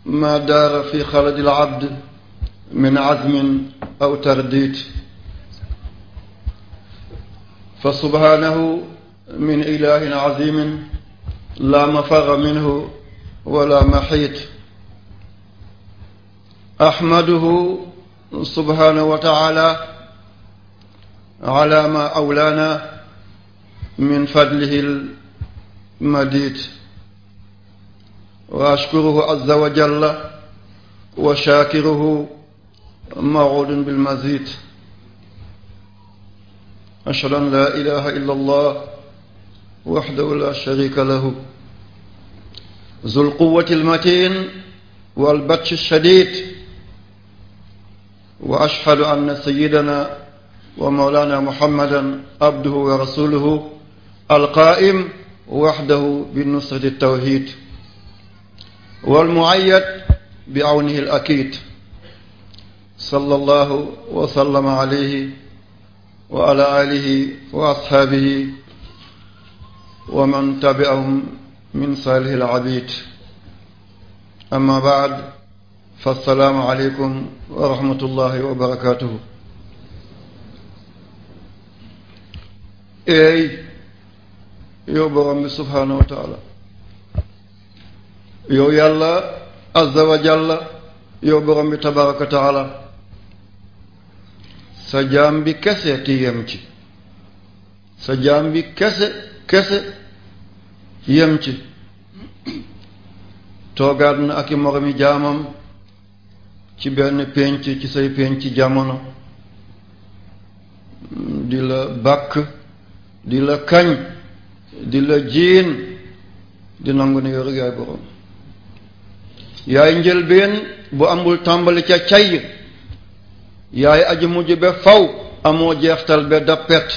ما دار في خرج العبد من عزم أو ترديد فسبحانه من إله عظيم لا مفر منه ولا محيط أحمده سبحانه وتعالى على ما أولانا من فضله المديد وأشكره عز وجل وشاكره موعود بالمزيد أشهد أن لا إله إلا الله وحده لا شريك له ذو القوة المتين والبطش الشديد وأشهد أن سيدنا ومولانا محمدا عبده ورسوله alqaa'im waxdahu bi nusrati tawxiid wal muayyad bi awnihi al akiid sallallahu wa sallama alayhi wa ala aalihi wa ashaabihi wa man tabi'ahum min saalihi al abiid amma baad fa salaamu aleykum wa rahmatullahi wa barakaatuhu. eey yow borom bi subhaanahu wa taala yow yàlla azza wa jalla yow borom bi tabaraka wa taala sa jaam kese ti yem sa jaam bi kese kese yem ci toogaat na ak i moromi jaamam ci benn pénc ci say pénc jamono di la bàkk di la kañ di la jiin di nangu ne yoru yaay borom yaay njëlbeen bu amul tàmbali ca cay yaay aji mujj be faw amoo jeextal be dappet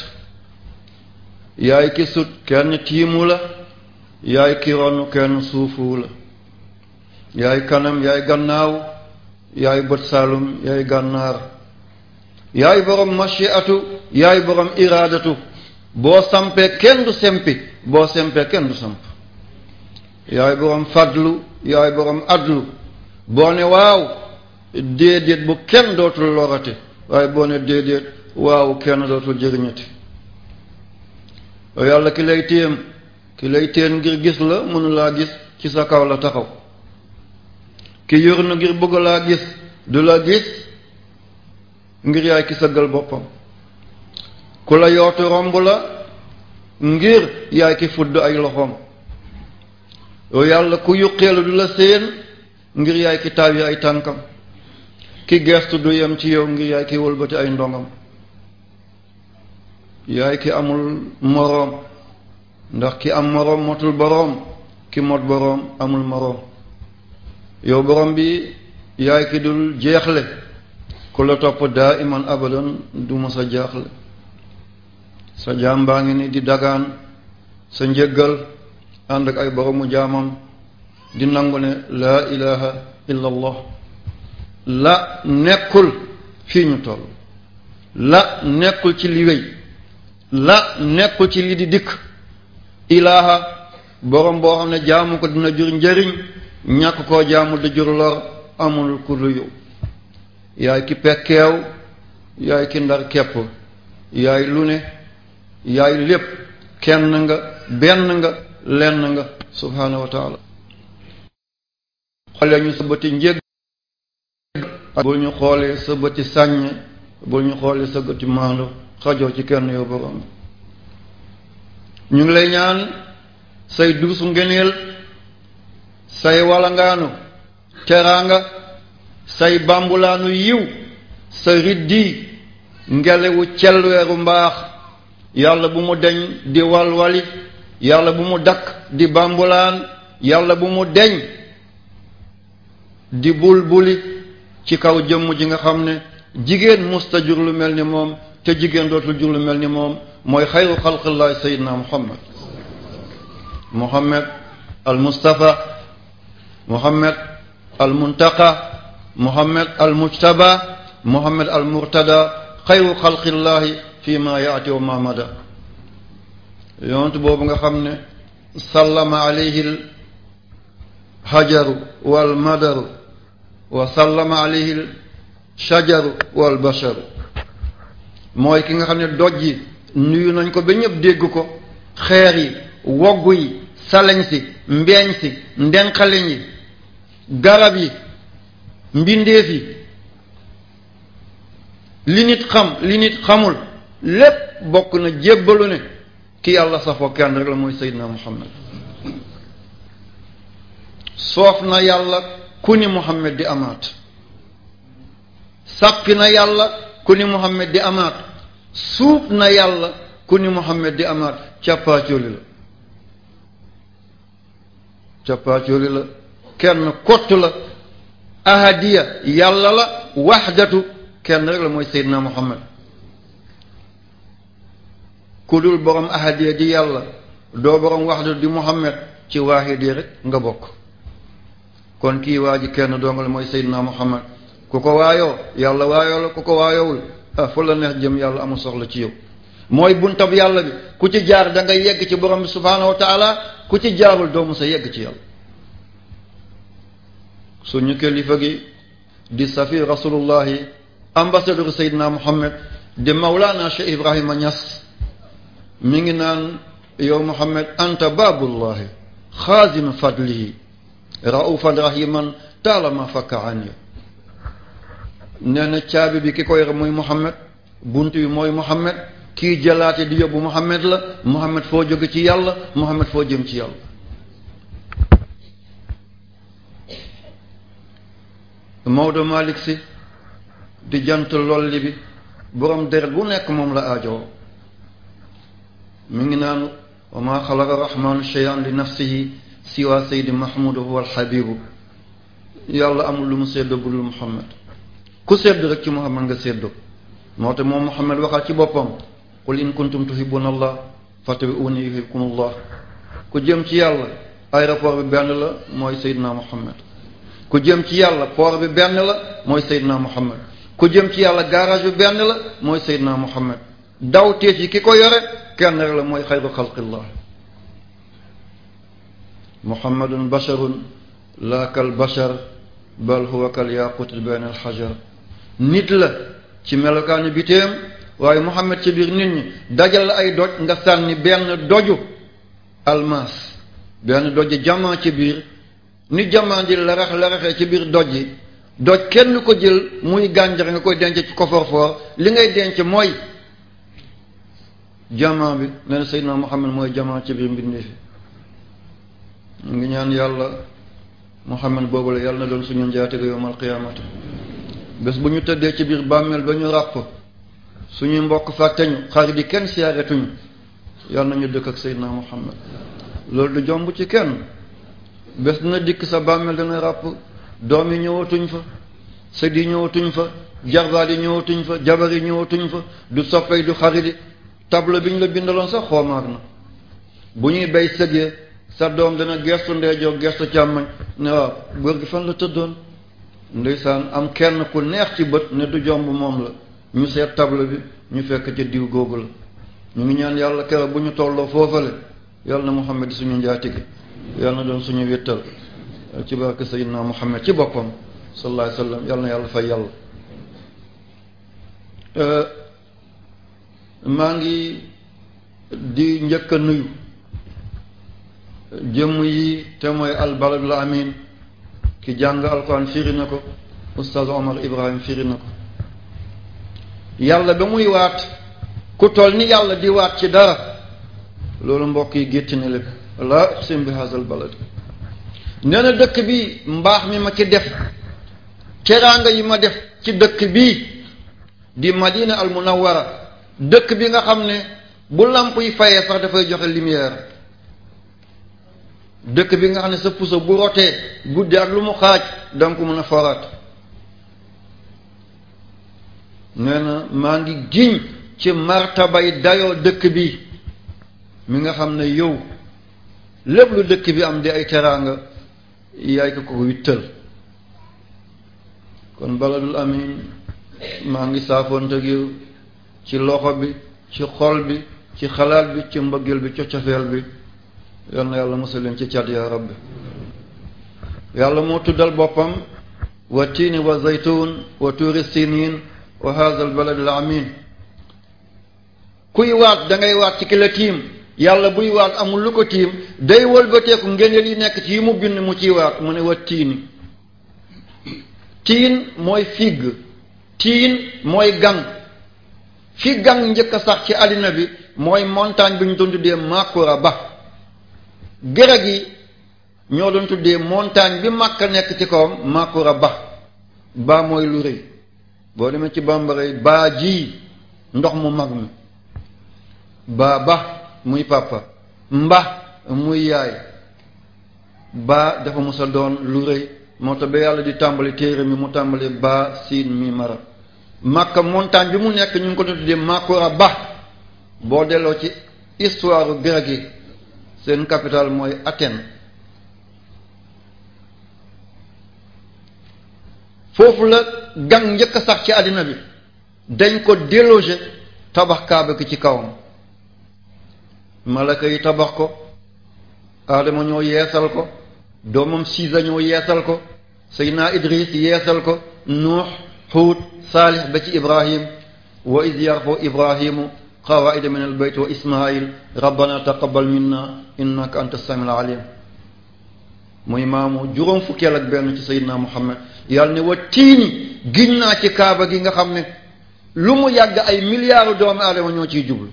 yaay ki sut kenn tiimu yaay ki kenn suufu yaay kanam yaay gannaaw yaay bët saalum yaay gànnaar yaay borom machiatu yaay borom iraadatu boo sampee kenn du sempi boo sempee kenn du samp yaay boroom fadlu yaay boroom adlu boo ne waaw déedéet bu kenn dootul lorate waaye boo ne déedéet waaw kenn dootul jëriñati yàlla ki lay téem ki lay téen ngir gis la mënu laa gis ci sa kaw la taxaw ki yor na ngir bëgg laa gis du la gis ngir yaay ki sëggal boppam ku la yootu romb la ngir yaay ki fudd ay loxoom yàlla ku yuqeelu du la séen ngir yaay ki taaw yi ay tànkam ki geestu du yem ci yow ngir yaay ki wëlbati ay ndongam yaay ki amul moroom ndax ki am moroom motul boroom ki mot boroom amul moroom yow boroom bi yaay ki dul jeexle ku la topp daa iman abadan du mës a jaaxle sa jaam baa ngi ni di dagaan sa njëggal ànd ak ay mu jaamam di nangu ne la ilaha illa allah la nekkul fii ñu toll la nekkul ci li wéy la nekkul ci li di dikk ilaha borom boo xam ne jaamu ko dina jur njëriñ ñàkk koo jaamu di jur lor amul ku luyu yaay ki pekkeew yaay ki ndar kepp yaay lu ne yaay lépp kenn nga benn nga lenn nga subhaanahu wa xoolee ñu sa bëti njëg bul ñu xoolee sa bëti sàññe bul ñu xoolee sa bëti maandu xajoo ci kenn yow borom ñu ngi lay ñaan say duusu ngeneel say walangaanu teraanga say bambulaanu yiw sa riddi ngelewu celweeru mbaax yàlla bu mu deñ di walwali yàlla bu mu dakk di bambulaan yàlla bu mu deñ di bulbuli ci kaw jëmm ji nga xam ne jigéen musta jur lu mel ni moom te jigéen dootul jur mel ni moom mooy xayru xalqillahi sayidna muhammad muhammad al mustafa muhammad al muntaqa muhammad al mujtaba muhammad al murtada xayru xalqillahi fii ma yaati wa ma mada yonent boobu nga xam ne sallama alayhi l hajaru wal madaru wa sallama alayhi l shajaru wal basharu mooy ki nga xam ne doj yi nuyu nañ ko ba ñëpp dégg ko xeer yi woggu yi salañ si mbeeñ si ndenqaleñ yi garab yi mbindeef yi li nit xam li nit xamul lépp bokk na jébbalu ne ki yàlla safoo kenn rek la mooy Seydina Muhammad soof na yàlla ku ni Muhammad di amaat sàppi na yàlla ku ni Muhammad di amaat suub na yàlla ku ni Muhammad di amaat càppaacóoli la càppaacóoli la kenn kott la ahadiya yàlla la waxdatu kenn rek la mooy Seydina Muhammad ku dul borom ahadiya di yàlla doo borom waxdu di muhammad ci waahid yi nga bokk kon kii waa ji kenn dongal mooy seydina muhammad ku ko waayoo yàlla waayoo la ku ko waayowul ah fu la neex jëm yàlla amul soxla ci yow mooy buntab yàlla bi ku ci jaar da nga yegg ci borom bi wa taala ku ci jaarul doomu sa yegg ci yàlla suñu kilifa gi di safi rasulullahi ambassadeur seydina muhammad di mawlaana cheikh ibrahima ñas mi ngi naan yow Muhammad anta baabullahi xaasim fadlihi raufan rahiman taalama fakka an ya nee caabi bi ki ko yore muy Muhammad bunt bi mooy Muhammad kii jalaate di yóbbu Muhammad la Muhammad foo jóge ci yàlla Muhammad foo jëm ci yàlla Maodo Malick si di jant lolli bi borom deret bu nekk moom la aajowoo mi ngi naan wa maa xalaqa rahmaanu shay'an li nafsihi siwa saydi mahmudu huwa alxabibu yàlla amul lu mu séddoo bu dul ku sédd rek ci muhammad nga séddoo moo tax moom muhammad waxaat ci boppam qul in kuntum tuhibbuna allah fattabi'uni allah ku jëm ci yàlla aéroport bi la mooy seydina muhammad ku jëm ci yàlla port bi benn la mooy seydina muhammad ku jëm ci yàlla garage bi benn la mooy seydina muhammad daw teet ki ko yore kenn rek la mooy xayru xalqillah muhammadun basharun laa kal bashar bal huwa kal yaqut benn alxajar nit la ci melokaani biteem waaye muhammad ci biir nit ñi dajal ay doj nga sànni benn doju almaas benn doj jamaa ci biir ni jamaa ji larax laraxee ci biir doj yi doj kenn ko jël muy gànjar nga koy denc ci koforfoor li ngay denc mooy jamaa bi nee na Seydina mooy jamaa ci biir mbindee fi ñu ngi ñaan yàlla Muhammad boobu la yàlla na doon suñu njaatige yowmal qiyaamati bés bu ñu tëddee ci biir bàmmeel ba ñu ràpp suñuy mbokk fàtteñu xarit yi kenn siyaaretuñu yàlla nañu dëkk ak Seydina Muhammad loolu du jomb ci kenn bés dina dikk sa bàmmeel dana ràpp doom yi ñëwatuñ fa sët yi ñëwatuñ fa jarbaat yi ñëwatuñ fa jabar yi ñëwatuñ fa du soppey du xarit table bi ñu la bindaloon sax xoomaag na bu ñuy bay sëgee sa doom dana gestu ndeyjoor gestu càmmañ ne waaw góor gi fan la tëddoon ndeysaan am kenn ku neex ci bët ne du jomb moom la ñu seet table bi ñu fekk ca diw googu la ñu ngi ñaan yàlla kera bu ñu tolloo foofale yàlla na muhammad suñu njaatige yàlla na doon suñu wéttal ci barke sayidna muhammad ci boppam sallallahu alayhi wa sallam yàlla na yàlla fay yàlla euh, maa ngi di njëkk a nuyu jëmm yi te mooy albaladul amin ki jàng alquran firi na ko oustaz Omar Ibrahim firi na ko yàlla ba muy waat ku toll ni yàlla di waat ci dara loolu mbokk yi gétti ne lépp la sim bi hazal balad dëkk bi mbaax mi ma ci def teraanga yi ma def ci dëkk bi di madina al munawwara dëkk bi nga xam ne bu làmp yi fayee sax dafay joxe lumière dëkk bi nga xam ne sa puso bu rotee guddi ak lu mu xaaj danga ko mën a foraat nee na maa ngi giñ ci martabay dayoo dëkk bi mi nga xam ne yow lépp lu dëkk bi am di ay teraanga yaay ko ko wittal kon baladul amin maa ngi saafoonte ak ci loxo bi ci xol bi ci xalaat bi ci mbëggeel bi ci cofeel bi yal na yàlla musal leen ci cat yaa rabbi yàlla moo tuddal boppam wa tiini wa zaytuun wa tuuri siniin wa haza al amin kuy waat da waat ci ki tiim yàlla buy waat amul lu ko tiim day wëlbateeku ngéneel yi nekk ci yi mu bind mu ciy waat mu ne wa tiini tiin mooy figg tiin mooy gan ci gang njëkk a sax ci àddina bi mooy montagne bi ñu doon tuddee Makura ba gërëg yi ñoo doon tuddee montagne bi Makka nekk ci kawam Makura ba ba mooy lu rëy boo demee ci bambara yi baa ji ndox mu mag mi baa ba muy papa mba muy yaay baa dafa mos a doon lu rëy moo tax ba yàlla di tàmbali téere mi mu tàmbali baa siin mi mara Makka montagne bi mu nekk ñu ngi ko doon tuddee Makura baax boo delloo ci histoire grec yi seen capital mooy Athènes foofu la gang njëkk a sax ci àddina bi dañ ko délogé tabax kaaba gi ci kawam malaka yi tabax ko aadama ñoo yeesal ko doomam siisa ñoo yeesal ko Seydina Idris yeesal ko Nuux xuut saalix ba ci ibrahim wa id yarfo ibrahimu qawaida min albeyt wa ismail rabbana taqabal minna innaka anta samiul alim muy maamu juróom fukkeel ak benn ci sayidna muhammad yàlla ne wa tiini giñ naa ci kaaba gi nga xam ne lu mu yàgg ay milliards doomu aadama ñoo ciy jublu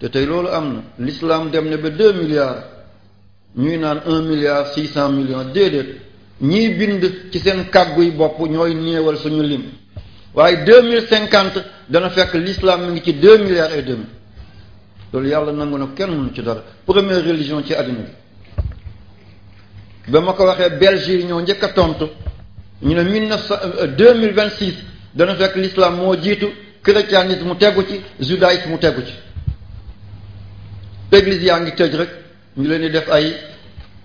te tey loolu am na l'islam dem ne ba deux milliards ñuy naan un milliard six cent millions déedéet ñiy bind ci seen kàggu yi bopp ñooy néewal suñu lim waaye deux mille cinquante dana fekk l'islam mu ngi ci deux milliards et demi loolu yàlla nangu na kenn mënu ci dara première religion ci àddina bi ba ma ko waxee Belgique ñoo njëkk a tontu ñu ne mille neuf cent euh, deux mille vingt six dana fekk l'islam moo jiitu christianisme mu tegu ci judaïsme mu tegu ci église yaa ngi tëj rek ñu leen di def ay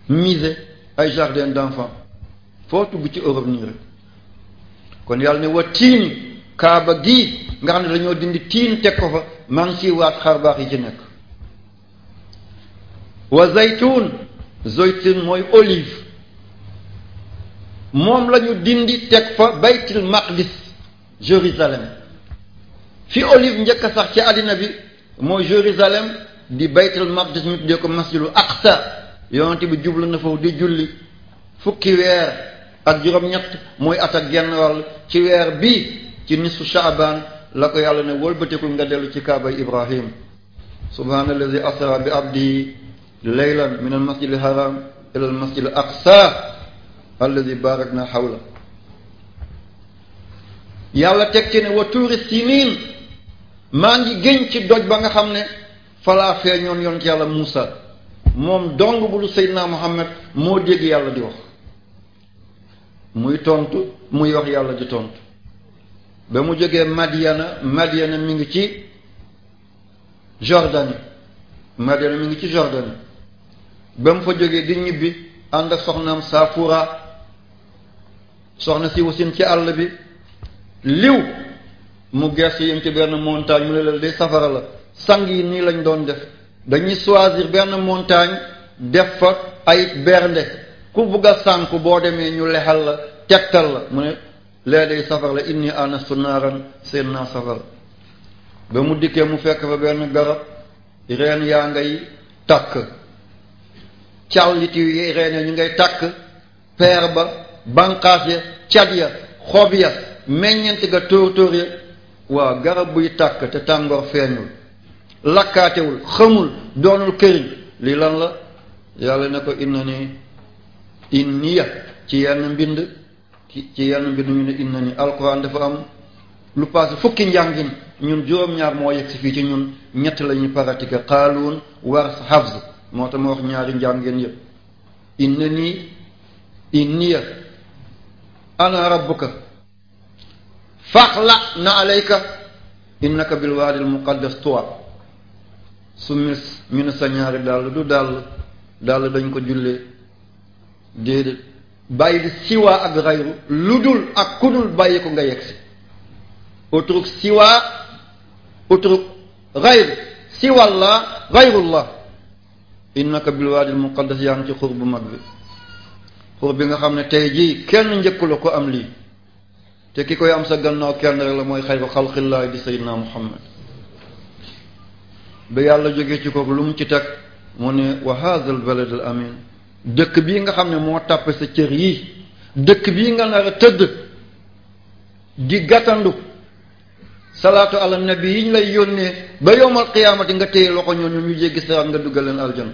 musée ay jardin d'enfants foo tugg ci Europe nii rek kon yàlla ne wa tiin kaaba gii nga xam ne dañoo dindi tiin teg ko fa maa ngi siy waat xar baax yi ci nekk wa zaytuun zaytuun mooy olive moom lañu dindi teg fa baytil maqdis Jérusalem fi olive njëkk sax ci àddina bi mooy Jérusalem di baytul maqdis ñu tuddee ko masjidul aqsa yonent bi jublu na foofu di julli fukki weer ak juróom-ñett mooy atak ak genn ci weer bi ci nisfu shaaban la ko yàlla ne wëlbatikul nga dellu ci kaabay ibrahim subhaana allazi asra bi abdi leylan min al masjid al haram ila al masjid al aqsa allazi barakna hawla yàlla teg ci ne wa siniin maa ngi génn ci doj ba nga xam ne falaa feeñoon yoon ci yàlla Muusa moom dong bu lu Seydina Muhammad moo dégg yàlla di wax muy tontu muy wax yàlla di tontu ba mu jógee Madiana Madiana mi ngi ci Jordanie Madiana mi ngi ci Jordanie ba mu fa jógee di ñibbi ànd ak soxnaam Saafura soxna si wasin ci àll bi liw mu gerte yem ci benn montagne mu ne leen day safara la sang yi nii lañ doon def dañuy choisir benn montagne def fa ay bernde ku bugg a boo demee ñu lexal la tegtal la mu ne lee day la inni anastu naaran seen naa safar ba mu dikkee mu fekk fa benn garab reen yaa ngay takk càllit yi reen ya ñu ngay takk peer ba banqaas ya cat ya xob ya meññent ga tóor tóor ya waa garab buy tàkk te tàngoor feeñul lakkaatewul xamul doonul këriñ lii lan la yàlla ne ko inna nii inniya ci yenn mbind ci yenn mbind ñu ne inna ni alquran dafa am lu paase fukki njàngin ñun juróom-ñaar moo yegg si fii ci ñun ñett la ñuy pratiquer xaaluun wars hafz moo tax wax ñaari njàngin yëpp inna nii inniya ana rabbuka faxla na alayka innaka bil waadil muqaddas tuwa su mis sa ñaari dàll du dàll dàll dañ ko jullee déedéet bàyyi li siwaa ak xayru lu dul ak ku dul bàyyi ko nga yegg si utruk siwaa utruk xayru siwallaa xayrullah innaka bilwaadil muqaddas yaa ngi ci xur bu mag bi xur bi nga xam ne tey jii kenn njëkkula ko am lii te ki koy am sa gannaaw kenn rek la mooy xayru xalqillaah di sayyidina muhammad ba yàlla jógee ci kooku lu mu ci teg mu ne wa haadha al balad al amin dëkk bii nga xam ne moo tàppe sa cër yi dëkk bii nga nar a tëdd di gàttandu salaatu ala nabi yi ñu lay yónnee ba yowmal qiyaamati nga téye loxo ñooñu ñu jéggi saraat nga duggal leen aljana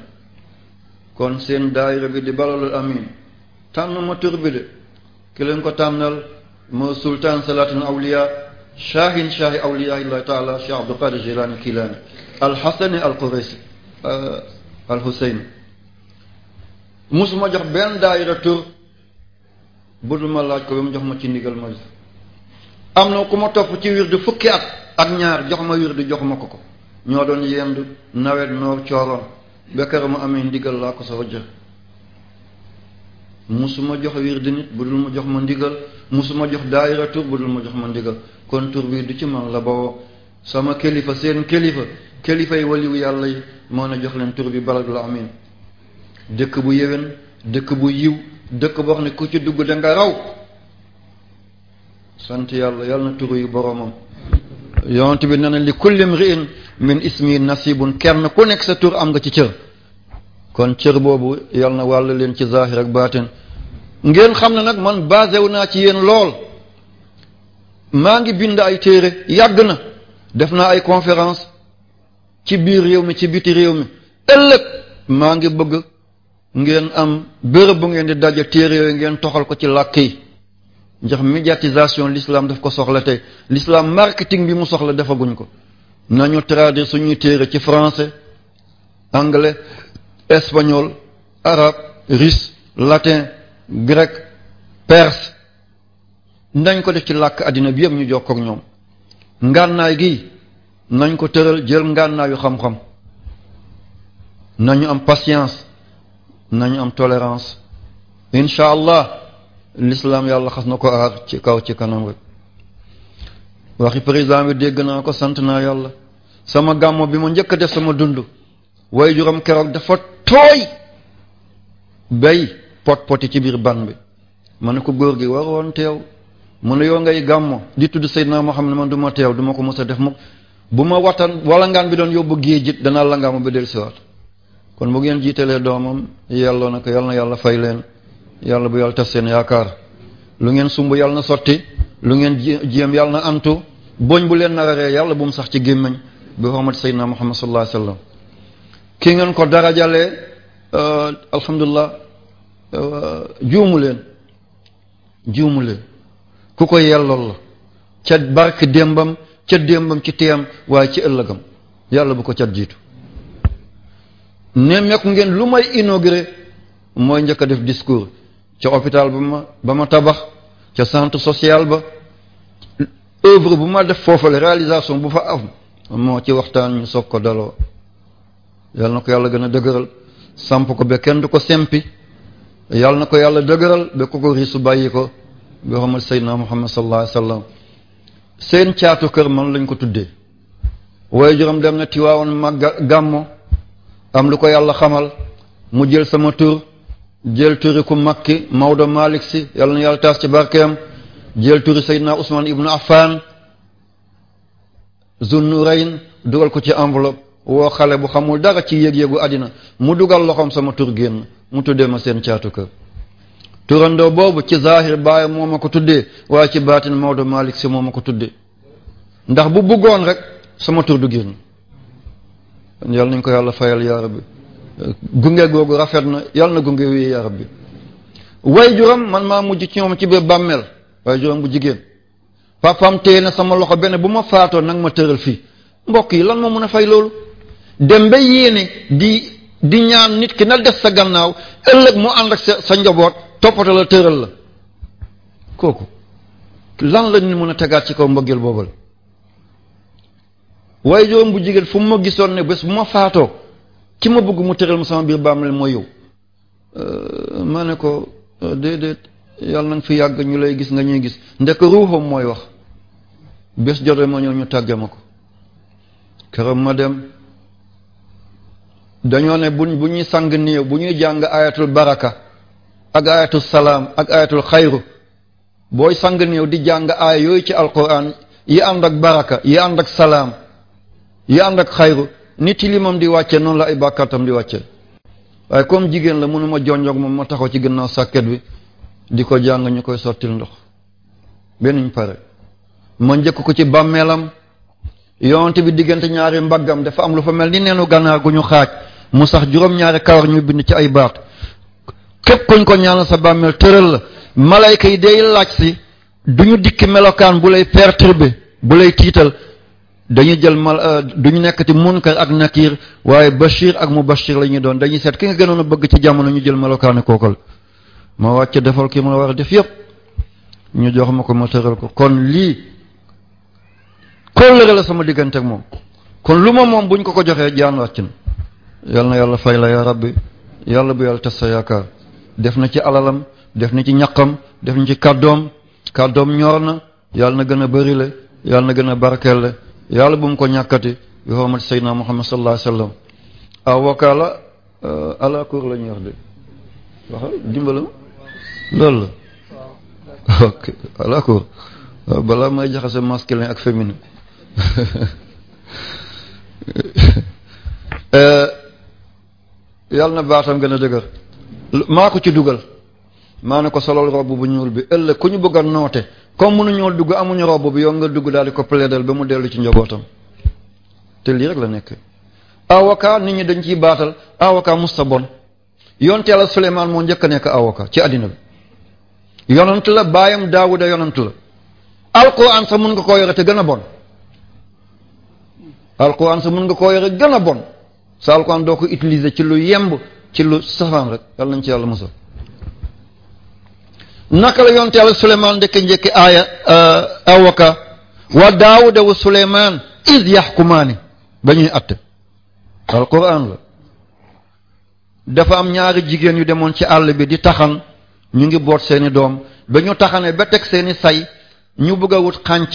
kon seen daayira bi di balalul amin tànn ma tur bi de ki leen ko tànnal moo sultaan salaatin awliya shaahin shaahi awliyaillahi taala Cheikh Abdul Qadir Jilani Kilaani alxasani alquraysi euh, alxuseyn musuma jox benn daayira tur bu dul ma laaj ko ba mu jox ma ci ndigal ma jox am na ku ma topp ci wirdu fukki at ak ñaar jox ma wirdu jox ma ko ko ñoo doon yend nawet noor cooroon bekkara mu amee ndigal laa ko soo jël musuma jox wirdu nit bu dul ma jox ma ndigal musuma jox daayira tur bu dul mu jox ma ndigal kon tur bii du ci man la bawoo sama kilifa seen kilifa kilifa yi waliwu yàlla yi moo ne jox leen tur bi du la amin dëkk bu yéwén dëkk bu yiw dëkk boo xam ne ku ci dugg da nga raw sant yàlla yàlla na turu yu boromam yonent bi nee na li kulli mri'in min ismi nasibun kenn ku nekk sa tur am nga ci cër kon cër boobu yàlla na wàll leen ci zaahir ak baatin ngeen xam na nag man basé naa ci yéen lool maa ngi bind ay téere yàgg na def naa ay conférence ci biir réew mi ci biti réew mi ëllëg maa ngi bëgg ngeen am bërëb bu ngeen di daje téere yooyu ngeen toxal ko ci làkk yi njax médiatisation l'islam def ko soxla tey l'islam marketing bi mu soxla defaguñ ko nañu traduire suñuy téere ci français anglais espagnol arabe russe latin grec perse nañ ko def ci làkk àddina bi yëpp ñu jokkook ñoom ngànnaay gi nañ ko tëral jël ngànnaayu xam-xam nañu am patience nañu am tolérance incha allah l'islam yàlla xas na ko aar ci kaw ci kanam rek waxi président bi dégg naa ko sant naa yàlla sama gàmmo bi ma njëkk a def sama dund way juróom keroog dafa tooy bay pot poti ci biir ban bi ma ne ko góor gi waroon teew mu ne yow ngay gàmmo di tudd Seydina Muhammad man du ma teew du ma ko mos a def mukk bu ma watan wala ngaan bi doon yóbbu géej it danaa la ngaa ma ba dellusiwaat kon bu ngeen jiitalee doomam yelloo na ko yal na yàlla fay leen yàlla bu yàlla tas seen yaakaar lu ngeen sumb yàlla na sotti lu ngeen jéem yàlla na antu boñ bu leen nararee yàlla bu mu sax ci gémmiñ bi hormat sayyidina muhammad sallallahu alayhi wasallam ki ngeen ko darajalee euh, alhamdulilah euh, juumu leen juumu leen ku ko yellool la ca barke démbam ca démbam ci teyam waaye ci ëllëgam yàlla bu ko ca jiitu nemmeeku ngeen lu may inauguré mooy njëkk a def discours ca hôpital ba ma ba ma tabax ca centre social ba œuvre bu ma def foofale réalisation bu fa am moo ci waxtaan ñu soog ko daloo yàlla na ko yàlla gën a dëgëral samp ko ba kenn du ko sempi yàlla na ko yàlla dëgëral ba ku ko risu bàyyi ko bi xamal seydina muhammad sallallahu alayhi wa sallam seen caatu kër man lañ ko tuddee waaye juróom dem na Tiwaawan mag gàmmo am lu ko yàlla xamal mu jël sama tur jël turi ku makki Maodo Malick si yàlla na yàlla taas ci barkeem jël turi Seydina Ousmane Ibnu Affan Zunnurayn dugal ko ci enveloppe woo xale bu xamul dara ci yëg-yëgu àddina mu dugal loxoom sama tur génn mu tuddee ma seen caatu kër turandoo boobu ci zahir baay moo ma ko tuddee waaye ci baatin Maodo Malick si moo ma ko tuddee ndax bu buggoon rek sama tur du génn yal nañ ko yàlla fayal yaa bi gunge googu rafet na yal na gunge wi yaa bi way juram man maa mujj ci moom ci biir bàmmeel way juram bu jigéen papaam téye na sama loxo benn bu ma faatoo nag ma tëral fii mbokk yi lan moo mën a fay loolu dem ba yéene di di ñaan nit ki na des sa gannaaw ëllëg mu ànd ak sa sa njaboot toppatoo la tëral la kooku lan lañu mun a tegaat ci kaw mbëggeel boobal waaye juróom bu jigéen fu ma gisoon ne bés bu ma faatoo ki ma bëgg mu tëral ma sama biir bàmmeel mooy yow euh, ma ne ko euh, déedéet yàlla na fi yàgg ñu lay gis nga ñuy gis ndek ruuxam mooy wax bés jotee ma ñëw ñu tàgge ma ko keroog ma dem dañoo ne bu bu ñuy sang néew bu ñuy jàng ayatul baraka ak ayatul salaam ak ayatul xayru booy sang néew di jàng aaya yooyu ci alquran yi ànd ak baraka yi ànd ak salaam yi ànd ak xayru ni tilimam di wàcce noonu la ay bàkkaatam di wàcce waaye comme jigéen la mënu ma jonjoog moom ma taxaw ci gannaaw sàkket bi di ko jàng ñu koy sottil ndox benn ñu pare ma njëkk ko ci bàmmeelam yonent bi diggante ñaari mbaggam dafa am lu fa mel ni neenu gànnaar gu ñu xaaj mu sax juróom-ñaari kawar ñu bind ci ay baat képp kuñ ko ñaanal sa bàmmeel tëral la malayka yi day laaj si du ñu dikki melokaan bu lay perturber bu lay tiital dañuy jël mal euh, ñu nekkati munkar ak nakir waaye bashir ak mubashir la ñuy doon dañuy seet ki nga gënoon a bëgg ci jamono ñu jël melokaani kookal ma wàcc defal kii ma war a def yëpp ñu jox ma ko ma tëral ko kon lii kóllëre la sama diggante ak moom kon lu ma moom buñ ko ko joxee jaan wàcc na yal na yàlla fay la yaa rabbi yàlla bu yàlla tas sa yaakaar def na ci alalam def na ci ñaqam def na ci kàddoom kàddoom ñor na yàlla na gën a bëri la yàlla na gën a barkeel la yàlla bu mu ko ñàkkati bi xormat seydina muhammad sallallahu alayhi wa sallam a wakaala euh, ala cour la ñuy wax de waxal loolu la ok ala cour balaa may jaxase masculin ak féminin euh, yàlla na baatam gën a dëgër maa ko ci dugal maa ne ko solol robb bu ñuul bi ëllëg ku ñu bëgg a noote comme mënuñoo dugg amuñu robb bi yow nga dugg daal di ko plaidal ba mu dellu ci njabootam te lii rek la nekk avocat nit ñi dañ ci baatal avocat musta bon yonte yàlla Suleymaan moo njëkk a nekk avocat ci àddina bi yonant la baayam Daawuda yonant la alquran sax mun nga koo yore te gën a bon alquran sax mun nga koo yore gën bon sa alquran doo ko utiliser ci lu yemb ci lu safaan rek yàlla nañ ci yàlla musal naka la yonte yàlla suleymaan ndëkk njëkki aaya euh, awoka wa daawuda wa suleymaan id yaxkumaani ba ñuy att alquran la dafa am ñaari jigéen yu demoon ci àll bi di taxan ñu ngi boot seeni doom ba ñu taxane ba teg seeni say ñu bëgg a wut xànc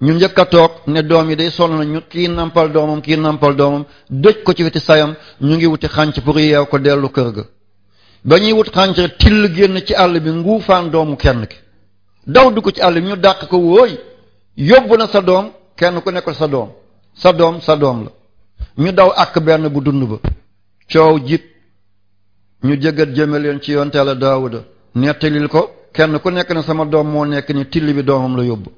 ñu njëkk a toog ne doom yi day sonn na ñu kii nàmpal doomam kii nampal doomam dëj ko ci weti sayam ñu ngi wuti xànc pour yeew ko dellu kër ga ba ñuy wut xànc till génn ci àll bi nguufaan doomu kenn ki daw dugg ci àll bi ñu dàq ko wóoy yóbbu na sa doom kenn ku nekk sa doom sa doom sa doom la ñu daw ak benn bu dund ba coow jiit ñu jëggat jëme leen ci yoon teela daawuda nettalil ko kenn ku nekk na sama doom moo nekk ni till bi doomam la yóbbu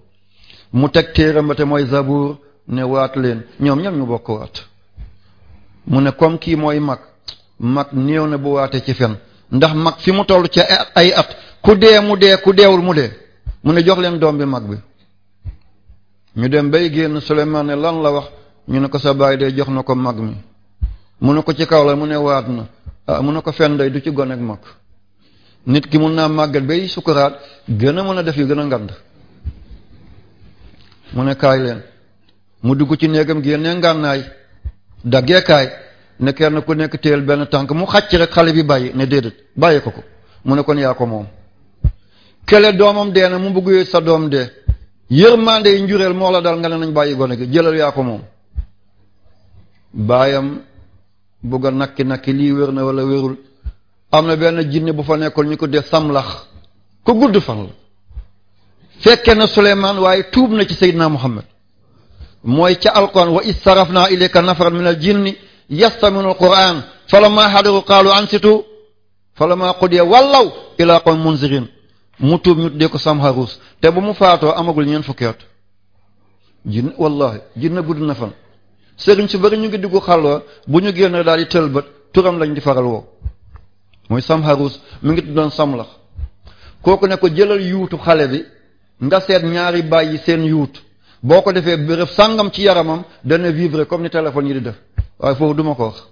mu teg téeram ba te mooy zabuur ne waat leen ñoom ñoom ñu bokk waat mu ne comme kii mooy mag mag néew na bu waatee ci fen ndax mag fi mu toll ci ay at ku dee mu dee ku deewul mu dee mu ne jox leen doom bi mag bi ñu dem bay génn Suleymaan ne lan la wax ñu ne ko sa baay dee jox na ko mag mi mu ne ko ci kaw la mu ne waat na ah mu ne ko fen day du ci gone ak mag nit ki mun naa màggat bay sukuraat gën a mën a def yu gën a ngand mu ne kaay leen mu dugg ci néegam génnee ngànnaay daggee kaay ne na ku nekk téel benn tànk mu xàcc rek xale bi bàyyi ne déedéet bàyyi ko ko mu nekkoon kon yaa ko moom kele doomam dee na mu bëgg sa doom dee yërmande yi njureel moo la dal nga ne nañ bàyyi gone gi jëlal yaa ko moom baayam bëgg a nakki nakki lii wér na wala wérul am na benn jinni bu fa nekkoon ñu ko def samlax ko gudd fan la fekke na Suleymaan waaye tuub na ci Seydina Muhammad mooy ca alquran wa is sarafna ilayka nafaran min al jinni yastami'una al-Qur'aan falammaa hadaru qaalu ansitu falammaa qudiya wallaw ilaa qawmin munzirin mu tuub ñu tuddee ko Samharus te bu mu faatoo amagul ñeent fukki at jinn wallahi jinn gudd na fan sëriñ su bëri ñu ngi diggu xalwa bu ñu génn daal di tëlbët turam lañ di faral woo mooy Samharus mu ngi tuddoon Samlax kooku ne ko jëlal yuutu xale bi nga seet ñaari bàyyi seen yuut boo ko defee béréb sàngam ci yaramam dana vibrer comme ni téléphone yi di def waaye foofu duma ko wax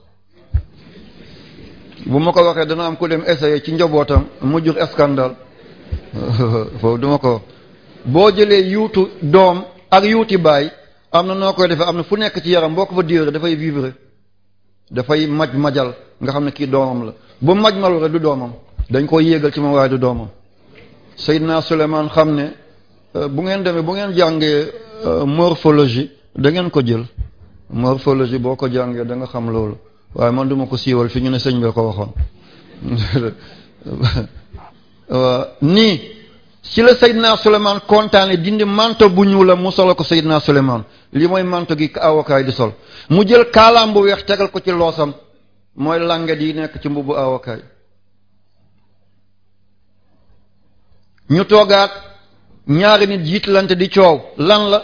bu ma ko waxee dana am ku dem essayer ci njabootam mu jur scandale foofu duma ko wax boo jëlee yuutu doom ak yuuti baay am na noo koy defee am na fu nekk ci yaram boo ko fa diwree dafay vibrer dafay maj majal nga xam ne kii doomam la bu maj malu rek du doomam dañ koy yéegal ci moom waaye du doomam Seydina Souleymane xam ne bu ngeen demee bu ngeen jàngee euh, morphologie da ngeen ko jël morphologie boo ko jàngee da nga xam loolu waaye man duma ko siiwal fi ñu ne sëñ bi ko waxoon nii ci la naa Souleymane kontaane dindi manto bu ñuul mu sola ko Seydina Souleymane li mooy manto gi awokaay di sol mu jël kaalaam bu weex tegal ko ci loosam mooy langet yi nekk ci mbubu awokaay ñu toogaat ñaari nit jiitlante di coow lan la